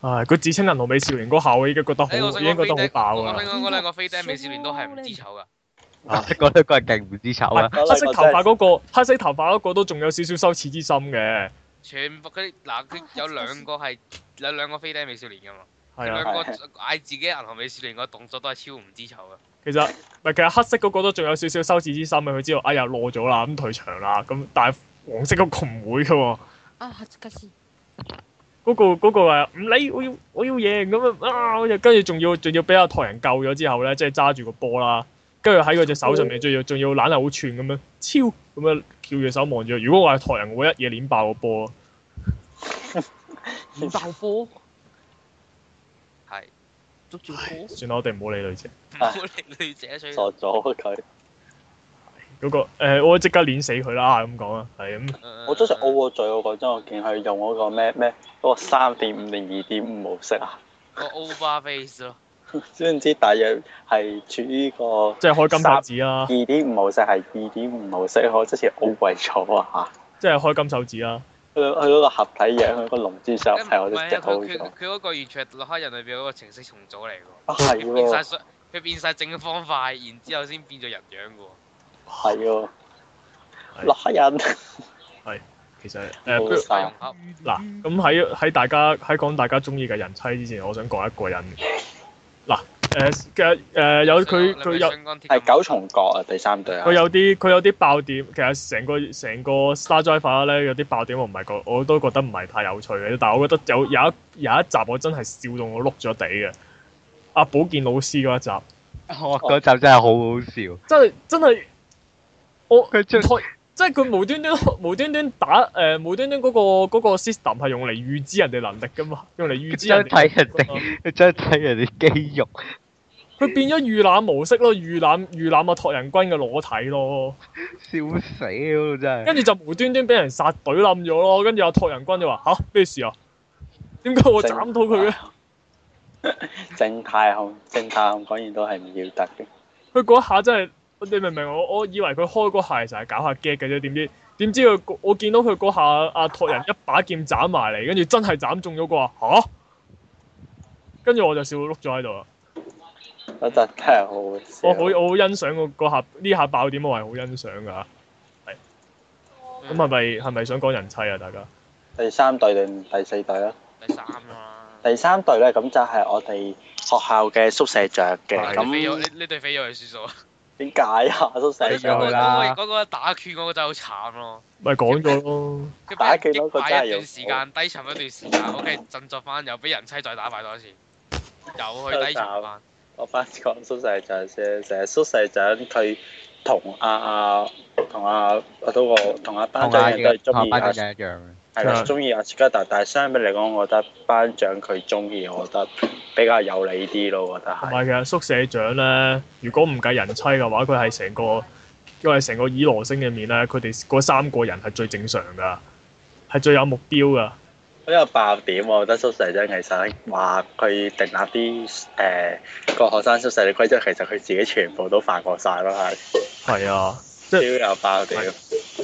唉，佢自稱銀河美少年嗰下我已經覺得好，已經覺得好爆啦！剛剛兩個飛爹美少年都係唔知醜噶，嗰個都係勁唔知醜啊！黑色頭髮嗰個，黑色頭髮嗰個都仲有少少羞恥之心嘅。全部嗰啲，嗱，佢有兩個係有兩個飛爹美少年噶嘛，兩個嗌自己銀河美少年個動作都係超唔知醜噶。其實唔係，其實黑色嗰個都仲有少少羞恥之心嘅，佢知道哎呀落咗啦，咁退場啦，咁但係黃色嗰個唔會噶。啊！下注架先。嗰個嗰個話唔理，我要我要贏咁樣啊！跟住仲要仲要俾阿托人救咗之後咧，即係揸住個波啦。跟住喺佢隻手上面，仲要仲要懶係好串咁樣超咁樣，翹住手望住。如果我係托人，我會一嘢碾爆個 [laughs] [laughs] 波。碾爆波。係捉住波。算啦，我哋唔好理女仔。唔好理女仔，所以傻咗佢。嗰、那個我即刻捻死佢啦！咁講啊，係咁。我都前 over 載，我講真，我見佢用嗰個咩咩嗰個三點五定二點五模式啊，個 over face 咯。知唔知大約係處於個即係開金手指啊？二點五模式係二點五模式，我之前 o v 咗啊嚇。即係開金手指啊！佢去嗰個合體樣，嗰、那個龍珠、嗯、手係我哋係 o v 佢嗰個完全係開人類表嗰個程式重組嚟㗎。係喎、啊。佢、哦、變，變整嘅方塊，然之後先變咗人樣㗎喎。係啊，嗱，黑人係，其實誒，嗱、呃，咁喺喺大家喺講大家中意嘅人妻之前，我想講一個人。嗱，誒嘅誒有佢佢有係九重角啊，第三對。佢有啲佢有啲爆點，其實成個成個《Star Driver》咧有啲爆點，我唔係覺，我都覺得唔係太有趣嘅。但係我覺得有有一有一集我真係笑到我碌咗地嘅。阿、啊、寶健老師嗰一集，嗰、哦、集真係好好笑， [laughs] 真係真係。真哦，佢、oh, 就即係即係佢無端端無端端打誒、呃、無端端嗰、那個嗰、那個 system 係用嚟預知人哋能力噶嘛，用嚟預知人能力能力、啊。佢睇人哋，真係睇人哋肌肉。佢變咗預覽模式咯，預覽預覽阿托人軍嘅裸體咯，。 [laughs] 笑死咯、啊，真係。跟住就無端端俾人殺隊冧咗咯，跟住阿托人軍就話吓咩事啊？點解我斬到佢啊？正太紅，正太紅果然都係唔要得嘅。佢嗰下真係。你明唔明？我我以為佢開個鞋就係搞下 gag 嘅啫，點知點知佢我見到佢嗰下阿托人一把劍斬埋嚟，跟住真係斬中咗個話吓，跟住我就笑碌咗喺度啊。真係好我好我好欣賞嗰下呢下爆點我，我係好欣賞噶。係咁係咪係咪想講人妻啊？大家第三隊定第四隊啊？第三啊！第三隊咧，咁就係我哋學校嘅宿舍着嘅咁。呢呢對，麼對飛友係輸數啊！點解呀？都死咗啦！嗰、那個那個打拳嗰個實拳真係好慘咯。咪講咗咯。打幾多個真係一段時間低沉，一段時間 [laughs] ，OK，振作翻又俾人妻再打敗多次，又去低沉。沉 [laughs] 我翻講宿舍長先，成日宿舍長佢同阿阿同阿嗰個同阿丹仔都係中意阿。係啊，中意阿斯嘉達，但係相比嚟講，我覺得班長佢中意，我覺得比較有理啲咯。我覺得係。唔係，其實宿舍長咧，如果唔計人妻嘅話，佢係成個因為成個以羅星嘅面咧，佢哋嗰三個人係最正常噶，係最有目標噶。因為爆點，我覺得宿舍長其實話佢定立啲誒、呃、個學生宿舍嘅規則，其實佢自己全部都犯過晒咯，係。係啊。少又、就是、爆地。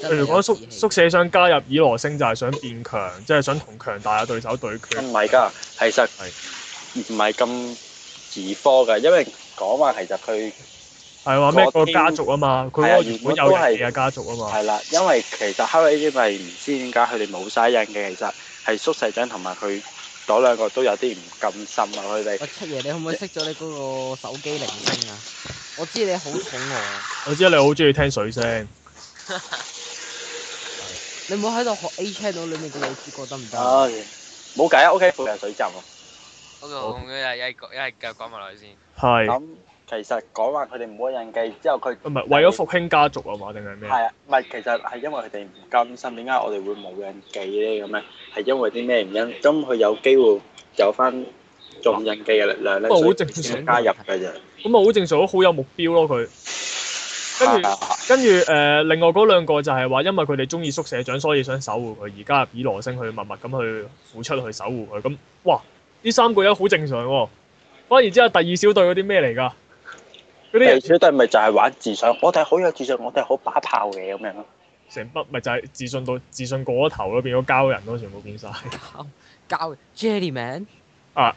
是如果宿宿舍想加入以羅星，就係想變強，即、就、係、是、想同強大嘅對手對決。唔係㗎，其實係唔係咁兒科㗎，是因為講話其實佢係話咩個家族啊嘛，佢天原本有人嘅家族啊嘛。係啦，因為其實黑衣人咪唔知點解佢哋冇晒印嘅，其實係宿舍長同埋佢嗰兩個都有啲唔甘心啊，佢哋、哦。七爺，你可唔可以熄咗你嗰個手機鈴聲啊？我知你好寵我，我知你好中意聽水聲。你唔好喺度學 A Channel 裏面嘅女主角得唔得啊？冇計啊，OK，佢又水浸啊。好，咁一係一係繼續講埋落去先。係。咁其實講話佢哋冇印記，之後佢唔係為咗復興家族啊嘛？定係咩？係啊，唔係其實係因為佢哋唔甘心，點解我哋會冇印記咧？咁樣係因為啲咩原因？咁佢有機會走返。做印記嘅力量咧，好正常，加入嘅啫。咁啊，好正常，好有目標咯佢。跟住，啊啊啊啊跟住誒、呃，另外嗰兩個就係、是、話，因為佢哋中意宿舍長，所以想守護佢，而家入以羅星去默默咁去付出去守護佢。咁哇，呢三個又好正常喎。反而之後，第二小隊嗰啲咩嚟㗎？嗰啲第二小隊咪就係玩自信， [laughs] 我哋好有自信，我哋好把炮嘅咁樣。 [laughs] 成班咪就係自信到自信過咗頭咯，變咗膠人咯，全部變晒膠膠 j Man S 2笑啊！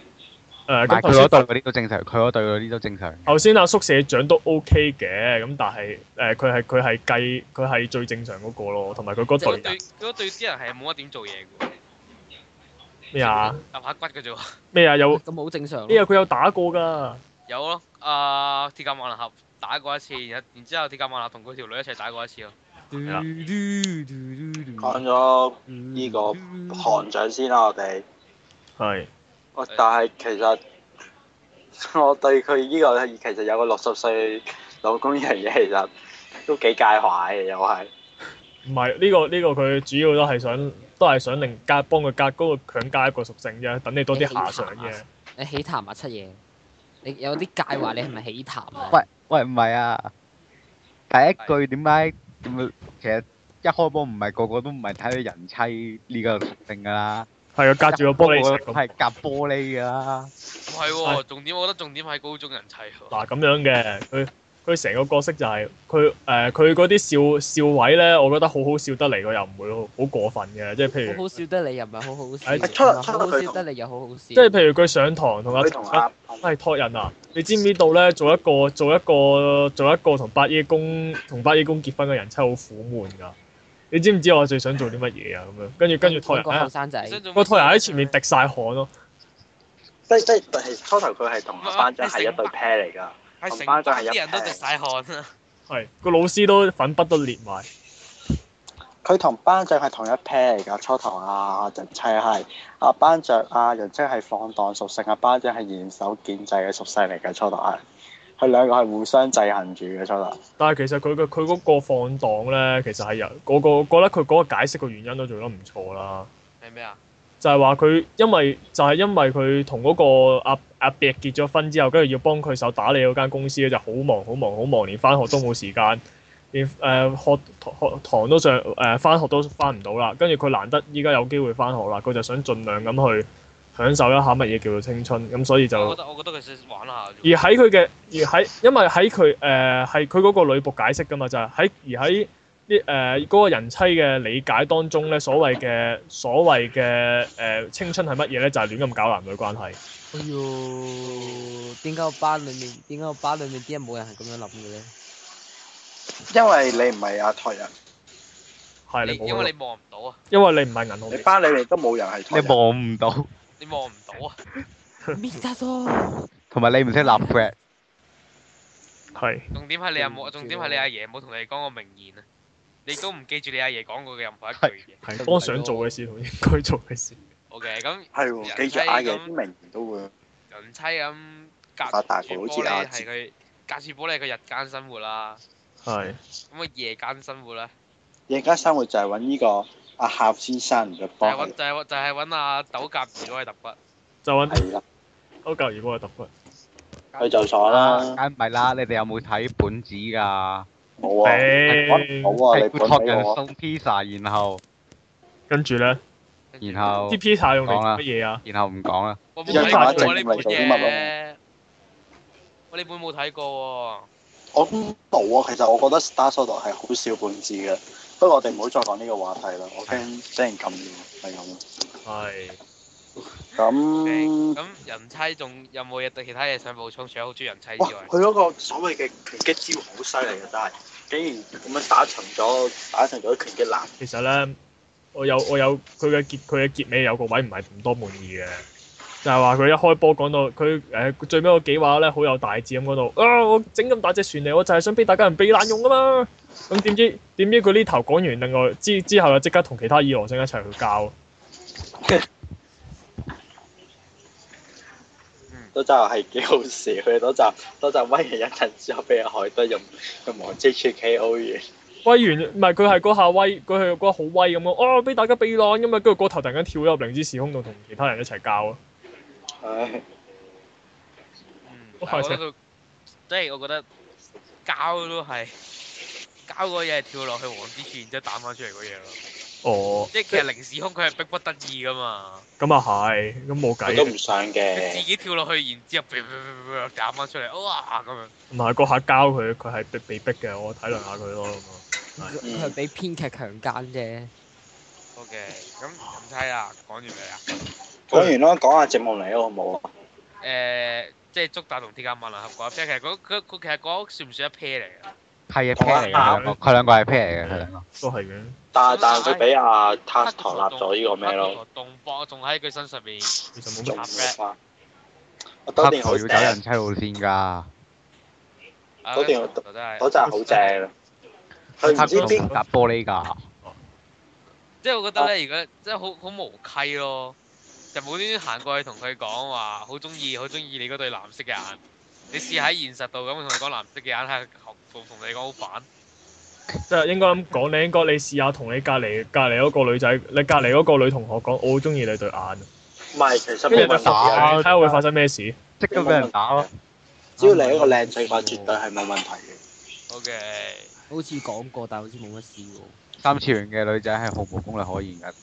誒，佢嗰隊嗰啲都正常，佢嗰隊嗰啲都正常。頭先阿宿舍長都 OK 嘅，咁但係誒，佢係佢係計，佢係最正常嗰個咯，同埋佢嗰隊。即係對嗰隊啲人係冇乜點做嘢嘅喎。咩啊？硬下骨嘅啫喎。咩啊？有。咁好正常。因為佢有打過㗎。有咯，阿鐵甲萬能俠打過一次，然之後鐵甲萬能俠同佢條女一齊打過一次咯。講咗呢個學長先啦，我哋。係。但係其實我對佢呢個其實有個六十歲老公人嘅，其實都幾介懷嘅，又係。唔係呢個呢個佢主要都係想都係想令加幫佢加高個強加一個屬性啫，等你多啲下想嘅。你喜談啊出嘢，你有啲介懷你係咪喜談啊？喂喂唔係啊，第一句點解？其實一開波唔係個個都唔係睇你人妻呢個屬性噶啦。係啊，隔住個玻璃，係隔玻璃噶啦。唔係喎，重點我覺得重點係高中人妻。嗱咁樣嘅，佢佢成個角色就係佢誒，佢嗰啲笑笑位咧，我覺得好好笑得嚟，我又唔會好過分嘅，即係譬如。好笑得嚟又唔係好好笑，好好笑得嚟又好好笑。即係譬如佢上堂同阿阿，係托人啊！你知唔知道咧？做一個做一個做一個同八爺公同八爺公結婚嘅人妻真係，好苦悶噶。你知唔知我最想做啲乜嘢啊？咁樣跟住跟住拖人，個後生仔個拖人喺前面滴晒汗咯。即即係初頭佢係同班長係一對 pair 嚟㗎。啲人都滴晒汗啊！係個老師都粉筆都裂埋。佢同班長係同一 pair 嚟㗎。初頭啊，就砌係啊班長啊，楊，即係放蕩屬性，啊，班長係嚴守建制嘅屬性嚟㗎。初頭啊。佢兩個係互相制衡住嘅，出嚟。但係其實佢嘅佢嗰個放蕩呢，其實係有個個覺得佢嗰個解釋嘅原因都做得唔錯啦。係咩啊？就係話佢因為就係因為佢同嗰個阿阿伯結咗婚之後，跟住要幫佢手打理嗰間公司就好忙，好忙，好忙，連翻學都冇時間，連誒、呃、學、呃、學堂都上，誒、呃、翻學都翻唔到啦。跟住佢難得依家有機會翻學啦，佢就想盡量咁去。享受一下乜嘢叫做青春咁、嗯，所以就我覺得佢玩下。而喺佢嘅而喺，因為喺佢誒係佢嗰個女僕解釋噶嘛，就係、是、喺而喺啲誒嗰個人妻嘅理解當中咧，所謂嘅所謂嘅誒、呃、青春係乜嘢咧？就係、是、亂咁搞男女關係。哎呦，點解我班裡面點解我班裡面啲人冇人係咁樣諗嘅咧？因為你唔係阿台人，係你冇。因為你望唔到啊。因為你唔係銀行。你班裡面都冇人係台人。你望唔到。你望唔到啊，Mister，同埋你唔識立 flag，係。重點係你阿冇，重點係你阿爺冇同你講過名言啊，你都唔記住你阿爺講過嘅任何一句嘢。係，係。幫想做嘅事同應該做嘅事。OK，咁係喎，記住阿爺啲名言都會。人妻咁隔。發大財好似阿。係佢，隔紙堡你個日間生活啦。係。咁啊，夜間生活咧？夜間生活就係搵呢個。阿俠先生就幫，就係揾就係阿豆夾子嗰位揼骨，就揾，O 舊二哥啊揼骨，佢就錯啦，梗唔係啦，你哋有冇睇本子噶？冇啊，好啊，你唔睇我，係托人送披薩，然後跟住咧，然後啲披薩用嚟做乜嘢啊？然後唔講啦，一集我呢本嘢，我哋本冇睇過喎，我冇啊，其實我覺得 Star Soldier 係好少本子嘅。不過我哋唔好再講呢個話題啦，我驚俾人冚住係咁。係的。咁咁人妻仲有冇嘢對其他嘢想補充？除咗好中意人妻之外，佢嗰、哦、個所謂嘅拳擊招好犀利嘅，但係竟然咁樣打沉咗，打沉咗拳擊男。其實咧，我有我有佢嘅結，佢嘅結尾有個位唔係咁多滿意嘅。就係話佢一開波講到佢誒、呃、最尾嗰幾話咧，好有大志咁講到啊！我整咁大隻船嚟，我就係想俾大家人避難用啊嘛！咁點知點知佢呢頭講完，另外之之後又即刻同其他二郎神一齊去教。嗰集係幾好笑。佢嗰集嗰集威完一陣之後，俾阿海德用用黃 J.K.O. 完威完唔係佢係嗰下威，佢係覺得好威咁咯。哦，俾大家避難咁啊，跟住嗰頭突然間跳咗入靈芝時空洞，同其他人一齊教啊！係，嗯，嗱，嗰度即係我覺得交都係交嗰嘢，跳落去王之劍，然之後彈翻出嚟嗰嘢咯。哦，即係其實零時空佢係逼不得已噶嘛。咁啊係，咁冇計。我都唔想嘅。自己跳落去，然之後被，啪啪啪彈翻出嚟，哇咁樣。唔係嗰下交佢，佢係被被逼嘅，我體諒下佢咯咁啊。佢係俾編劇強姦啫。O K，咁唔睇啊，講完未啊？講完咯，講下節目嚟咯，好冇？誒、呃，即係竹達同鐵甲萬能俠嗰 pair。其實佢佢其實屋算唔算一 pair 嚟、嗯、啊？係一 p a i r 嚟，佢兩個係 pair 嚟嘅，佢兩個都係嘅。但係但係佢俾阿塔 a 立咗呢個咩咯？動魄仲喺佢身上面，仲咩？我嗰、啊、段真好正，嗰集、啊那個、好正。佢唔係搭玻璃㗎、哦。即係我覺得咧，而家即係好好無稽咯。就冇端端行過去同佢講話，好中意，好中意你嗰對藍色嘅眼。你試下喺現實度咁同佢講，藍色嘅眼係同同你講好煩。即係應該咁講，你應該你試下同你隔離隔離嗰個女仔，你隔離嗰個女同學講，我好中意你對眼。唔係，其實我打睇下會發生咩事。即刻俾人打咯！只要你係一個靚仔，絕對係冇問題嘅。OK，好似講過，但係好似冇乜事喎。三次元嘅女仔係毫無功力可言噶。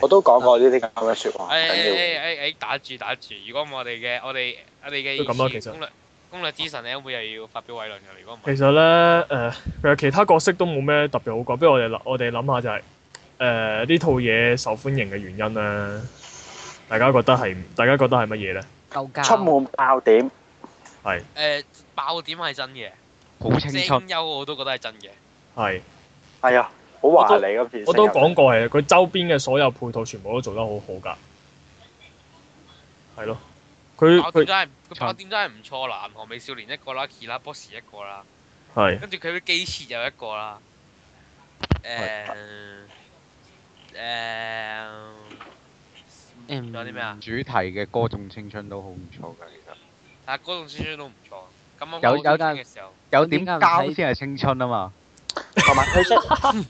我都講過呢啲咁嘅説話。誒誒誒誒，打住打住！如果唔係我哋嘅我哋我哋嘅，都咁多，其實。攻略，攻略之神咧會又要發表偉論嚟講。其實咧誒，其實其他角色都冇咩特別好講。不如我哋諗我哋諗下就係誒呢套嘢受歡迎嘅原因咧。大家覺得係，大家覺得係乜嘢咧？夠價。出門爆點？係。誒，爆點係真嘅，好清幽。清幽我都覺得係真嘅。係。係啊。好華麗嗰片，我都講過係佢周邊嘅所有配套全部都做得好好㗎，係咯，佢佢個點真係唔錯啦，韓美少年一個啦，Kira Boss 一個啦，係，跟住佢嘅機設又一個啦，誒誒，仲有啲咩啊？主題嘅歌頌青春都好唔錯㗎，其實但係，歌頌青春都唔錯，咁我有有間有點交先係青春啊嘛，同埋，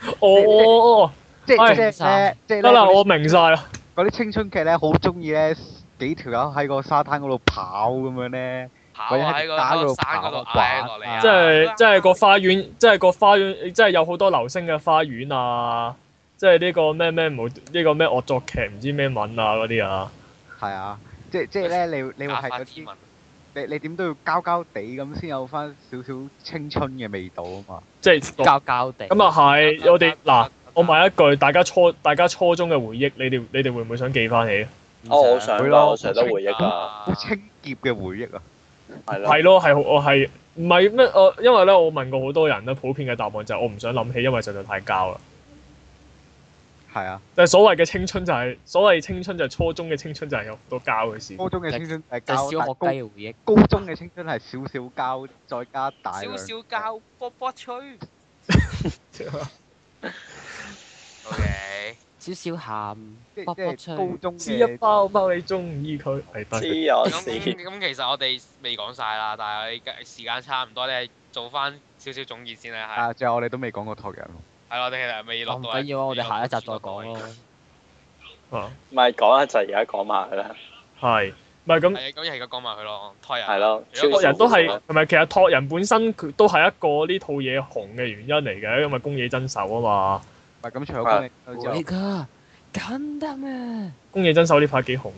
哦，哦，oh, oh, oh, oh.，呃、即係即係即係得啦，了些我明晒啦。嗰啲青春劇咧，好中意咧，幾條友喺個沙灘嗰度跑咁樣咧，跑，就是，喺度打喺度打個靶。即係即係個花園，即、就、係、是、個花園，即、就、係、是、就是、有好多流星嘅花園啊！即係呢個咩咩冇，呢、這個咩惡作劇唔知咩文啊嗰啲啊。係啊，即係即係咧，你你話係個天文。你你點都要膠膠地咁先有翻少少青春嘅味道啊嘛！即係膠膠地。咁啊係，我哋嗱，我問一句，大家初大家初中嘅回憶，你哋你哋會唔會想記翻起啊、哦？我想啦，我成日都回憶噶。清潔嘅回憶啊，係啦、啊，係咯，係我係唔係咩？我、呃、因為咧，我問過好多人咧，普遍嘅答案就係我唔想諗起，因為實在太膠啦。係啊，就所謂嘅青春就係、是、所謂青春就係初中嘅青春就係有好多教嘅事，初中嘅青春係教小學低嘅嘢，高中嘅青春係少少教再加大量少少教波波吹，OK，少少鹹，波波吹，即係高中嘅，一支包但包你中意佢係得咁，其實我哋未講晒啦，但係我哋時間差唔多，你做翻少少總結先啦，係啊，最後我哋都未講過托人。係咯，定係未落？唔緊要啊，我哋下一集再講咯。哦，唔係講一陣，而家講埋佢啦。係，唔係咁，咁而家講埋佢咯。托人係咯，個人都係，係咪其實托人本身佢都係一個呢套嘢紅嘅原因嚟嘅，因為宮野真守啊嘛。唔係咁，除咗宮野真守，嚟噶簡單咩！宮野真守呢排幾紅。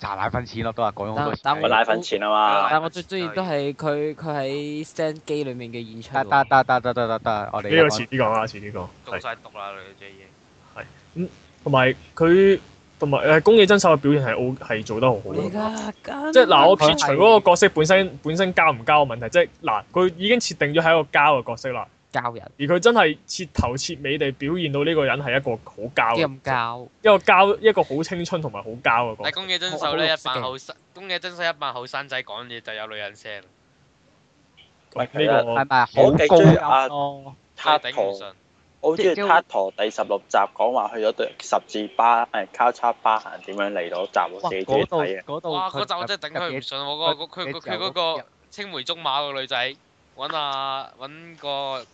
查奶粉錢咯，都話講咗好多次，查奶粉錢啊嘛。但我最中意都係佢佢喺 stand 機裡面嘅演出。得得得得得得得得，我哋。呢個遲啲講啦，遲啲講。讀曬讀啦，你隻嘢。係。嗯，同埋佢同埋誒，宮野真守嘅表現係好做得好好。即係嗱，我撇除嗰個角色本身的本身交唔交嘅問題，即係嗱，佢已經設定咗喺一個交嘅角色啦。教人，而佢真係徹頭徹尾地表現到呢個人係一個好教，一個教，一個教，一個好青春同埋好教嘅。宮野真守咧，一扮後生，宮野真守一扮後生仔，講嘢就有女人聲。喂，呢個係咪好高音？塔陀唔信，我好中意塔陀第十六集講話去咗對十字巴，誒交叉巴行點樣嚟到集，我幾中意睇啊！嗰度，嗰集真係頂佢唔順，我嗰個佢佢嗰個青梅竹馬個女仔。揾下揾個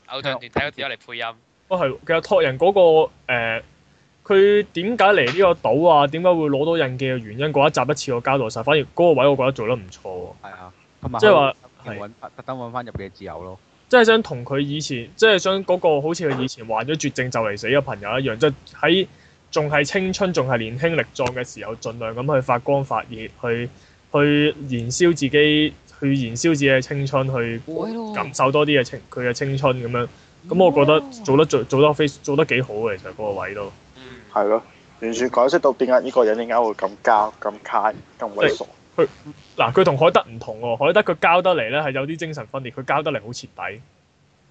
偶像團體嘅字友嚟配音。啊係、哦，佢又託人嗰、那個佢點解嚟呢個島啊？點解會攞到印記嘅原因，嗰一集一次我交代晒，反而嗰個位我覺得做得唔錯喎。係啊，即係話特登揾翻入嘅自由咯。即係的想同佢以前，即係想嗰個好似佢以前患咗絕症的就嚟死嘅朋友一樣，即係喺仲係青春、仲係年輕力壯嘅時候，盡量咁去發光發熱，去去燃燒自己。去燃燒自己嘅青春，去感受多啲嘅青佢嘅青春咁樣。咁我覺得做得做得非做得幾好嘅，其實嗰個位都係咯，嗯嗯、完全解釋到點解呢個人點解會咁交咁卡、咁猥瑣。佢嗱佢同海德唔同喎，海德佢交得嚟咧係有啲精神分裂，佢交得嚟好徹底，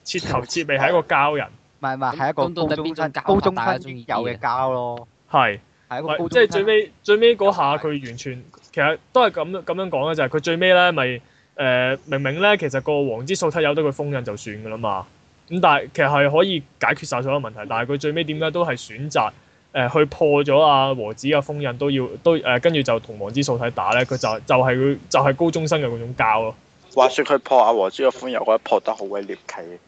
徹頭徹尾係一個交人。唔係一,一個高中生，高中大家中意嘅交咯。係係即係最尾最尾嗰下，佢完全其實都係咁咁樣講嘅就係、是、佢最尾咧咪。誒明明咧，其實個黃之素體有得佢封印就算㗎喇嘛。咁但係其實係可以解決曬所有問題，但係佢最尾點解都係選擇誒、呃、去破咗阿、啊、和子嘅封印都要都誒、呃、跟住就同黃之素體打咧，佢就就係、是、佢就係、是、高中生嘅嗰種交咯。話説佢破阿、啊、和子嘅封印，我覺得破得好鬼獵奇。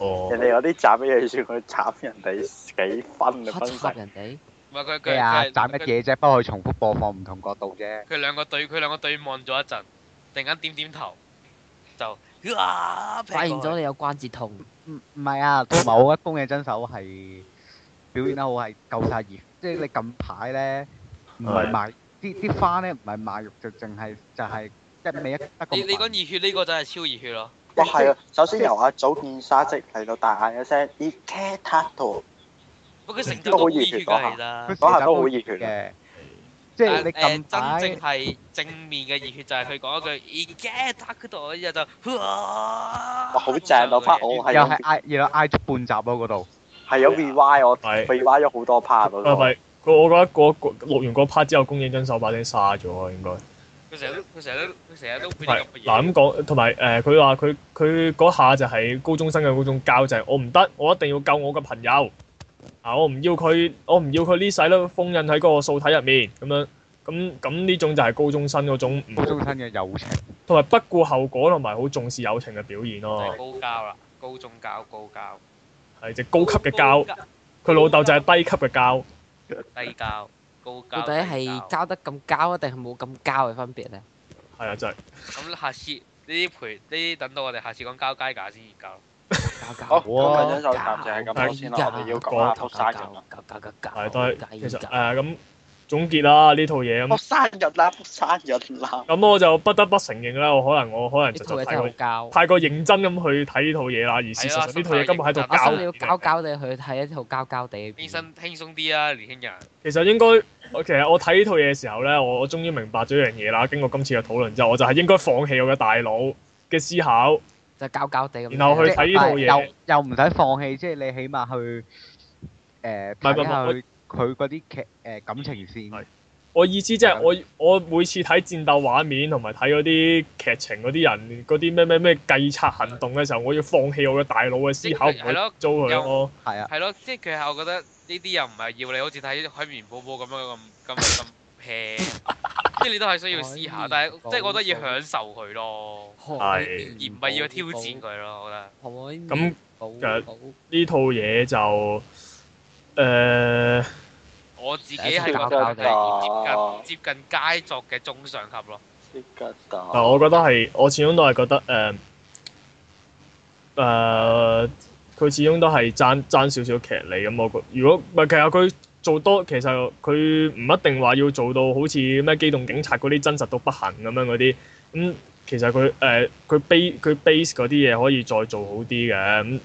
哦。人哋有啲斬嘢算佢斬人哋幾分嘅分數。黑拆人哋。佢啊？斬乜嘢啫？不過佢重複播放唔同角度啫。佢、啊、兩個對佢兩,兩,兩個對望咗一陣。突然間點點頭，就啊，發現咗你有關節痛。唔唔係啊，冇一攻嘅真手係表現得好係夠晒熱，即、就、係、是、你近排咧唔係賣啲啲花咧唔係賣肉，就淨係就係、是、一味一一你你講熱血，呢個真係超熱血咯！哇，係 [noise] 啊、嗯，首先由阿祖建沙積嚟到大眼嘅聲，catapult。不過成個都好熱血嗰下，嗰下都好熱血嘅。即係你咁真正係正面嘅熱血就係佢講一句，get 到、嗯、我而就好正咯。」我係又係嗌，又嗌足半集咯嗰度，係有 rewrite 我 rewrite 咗好多 part 咯。唔係、嗰個，我覺得嗰、嗰個、錄完嗰 part 之後，公影跟手把聲沙咗應該。佢成日都，佢成日都，佢成日都。嗱咁講，同埋誒，佢話佢佢嗰下就係高中生嘅嗰種教就係、我唔得，我一定要救我嘅朋友。嗱、啊，我唔要佢，我唔要佢呢世都封印喺嗰個數體入面咁樣，咁咁呢種就係高中生嗰種，高中生嘅友情，同埋不顧後果同埋好重視友情嘅表現咯、啊。高膠啦，高中膠，高膠，係隻高級嘅膠，佢老豆就係低級嘅膠，低膠，高膠， [laughs] 到底係膠得咁膠定係冇咁膠嘅分別咧？係啊，真、就、係、是。咁下次呢啲陪呢啲等到我哋下次講交街價先至膠。教教我啊！教，而家要講扑晒咗，教教教教，係對，其實誒咁，總結啦，呢套嘢咁。我生日啦，我生日啦。咁我就不得不承認啦，我可能我可能就就太過認真咁去睇呢套嘢啦，而事實上呢套嘢根本喺度搞。阿生你要膠膠哋去睇一套膠膠哋。變身輕鬆啲啊，年輕人。其實應該，其實我睇呢套嘢嘅時候咧，我我終於明白咗一樣嘢啦。經過今次嘅討論之後，我就係應該放棄我嘅大腦嘅思考。就搞搞地咁，然後去睇呢套嘢，啊，又唔使放棄，即係你起碼去誒睇、呃、下佢佢嗰啲劇誒、呃、感情線。我意思即係我我每次睇戰鬥畫面同埋睇嗰啲劇情嗰啲人嗰啲咩咩咩計策行動嘅時候，的我要放棄我嘅大腦嘅思考唔租佢咯。係啊，係咯，即係其實，我覺得呢啲又唔係要你好似睇海綿寶寶咁樣咁咁咁平。 [laughs] [laughs] 即係你都係需要試下，但係即係我覺得要享受佢咯，係對，而唔係要挑戰佢咯。我覺得。咁其實呢套嘢就誒，呃、我自己係覺得係接近接近佳作嘅中上級咯。接近佳。但，我覺得係，我始終都係覺得誒誒，佢、呃呃、始終都係爭爭少少劇力。咁、嗯。我覺，如果唔係其實佢。做多其實佢唔一定話要做到好似咩機動警察嗰啲真實到不行咁樣嗰啲，咁其實佢誒佢 base 佢 base 嗰啲嘢可以再做好啲嘅，咁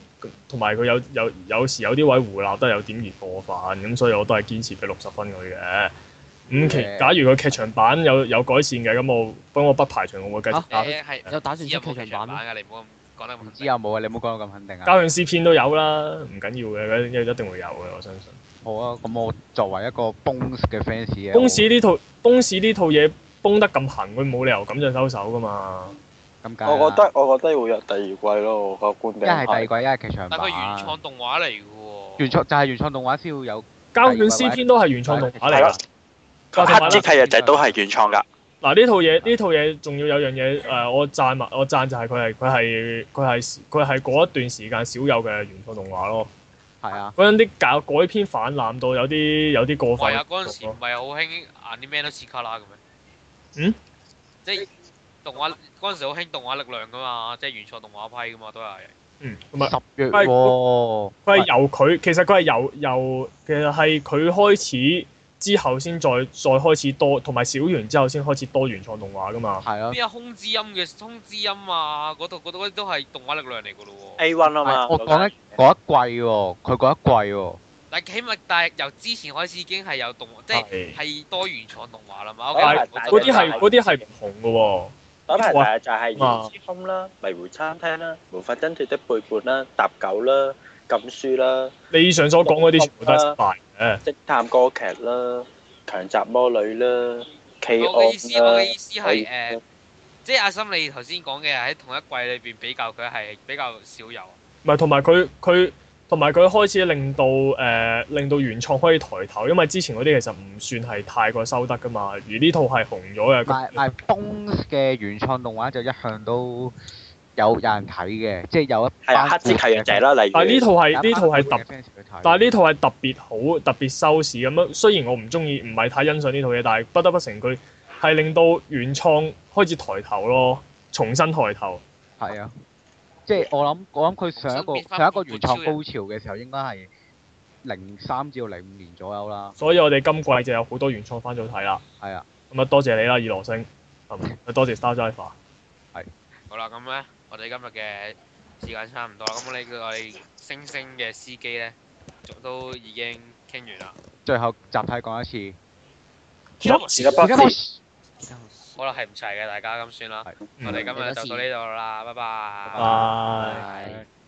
同埋佢有有有時有啲位胡鬧得有點兒過分，咁所以我都係堅持俾六十分佢嘅。咁劇假如佢劇場版有有改善嘅，咁我不我不排除我會繼續打。打算出劇場版，你唔好講得咁唔知啊冇啊，你唔好講得咁肯定啊。交響詩篇都有啦，唔緊要嘅，嗰啲一一定會有嘅，我相信。好啊，咁我作為一個崩市嘅 fans 咧，崩市呢套崩市呢套嘢崩得咁狠，佢冇理由咁就收手噶嘛。咁，我覺得我覺得會有第二季咯，個觀點。一係第二季，一係劇場，但佢原創動畫嚟嘅喎。原創就係原創動畫先會有。交響詩篇都係原創動畫嚟噶。佢黑之契約者都係原創噶。嗱，呢套嘢呢套嘢仲要有樣嘢誒，我贊物我贊就係佢係佢係佢係佢係嗰一段時間少有嘅原創動畫咯。係啊，嗰陣啲改改編反爛到有啲有啲過分。係啊，嗰陣時唔係好興啊啲咩都似卡拉咁樣？嗯？即係動畫嗰陣時好興動畫力量㗎嘛，即係原創動畫批㗎嘛都係。嗯，唔係十月喎、哦。佢係由佢，是其實佢係由由，其實係佢開始。之後先再再開始多同埋小完之後先開始多原創動畫㗎嘛。係啊。邊有空之音嘅空之音啊？嗰度嗰度啲都係動畫力量嚟㗎咯喎。A one 啊嘛。我講一、嗯、一季喎、哦，佢講一季喎、哦。但係起碼但係由之前開始已經係有動即係係多原創動畫啦嘛。嗰啲係嗰啲係唔同㗎喎、啊。嗰就係就係《空之音》啦、啊，《迷糊餐廳》啦，《無法掙脱的背叛》啦，《搭狗》啦，《禁書》啦。你以上所講嗰啲全部都係快、啊。誒，偵探歌劇啦，強襲魔女啦，K-On 啦，其實我嘅意思係，即係阿心你頭先講嘅喺同一季裏邊比較佢係比較少有，唔係，同埋佢佢同埋佢開始令到誒、呃、令到原創可以抬頭，因為之前嗰啲其實唔算係太過收得㗎嘛，而呢套係紅咗嘅，但係冬嘅原創動畫就一向都。有有人睇嘅，即係有一班黑子睇嘅就係啦。例如，但係呢套係呢套係特，但係呢套係特別好，特別收視咁樣。雖然我唔中意，唔係太欣賞呢套嘢，但係不得不承佢係令到原創開始抬頭咯，重新抬頭。係啊，即係我諗，我諗佢上一個上一個原創高潮嘅時候應該係零三至到零五年左右啦。所以我哋今季就有好多原創翻咗睇啦。係啊，咁啊多謝你啦，二羅星，嗯、多謝 Star Driver。好啦，咁咧。我哋今日嘅時間差唔多啦，咁我哋叫我哋星星嘅司機咧，都已經傾完啦。最後集體講一次，好啦，係唔齊嘅，大家咁算啦。是我哋今日就到呢度啦，次拜拜。拜，拜。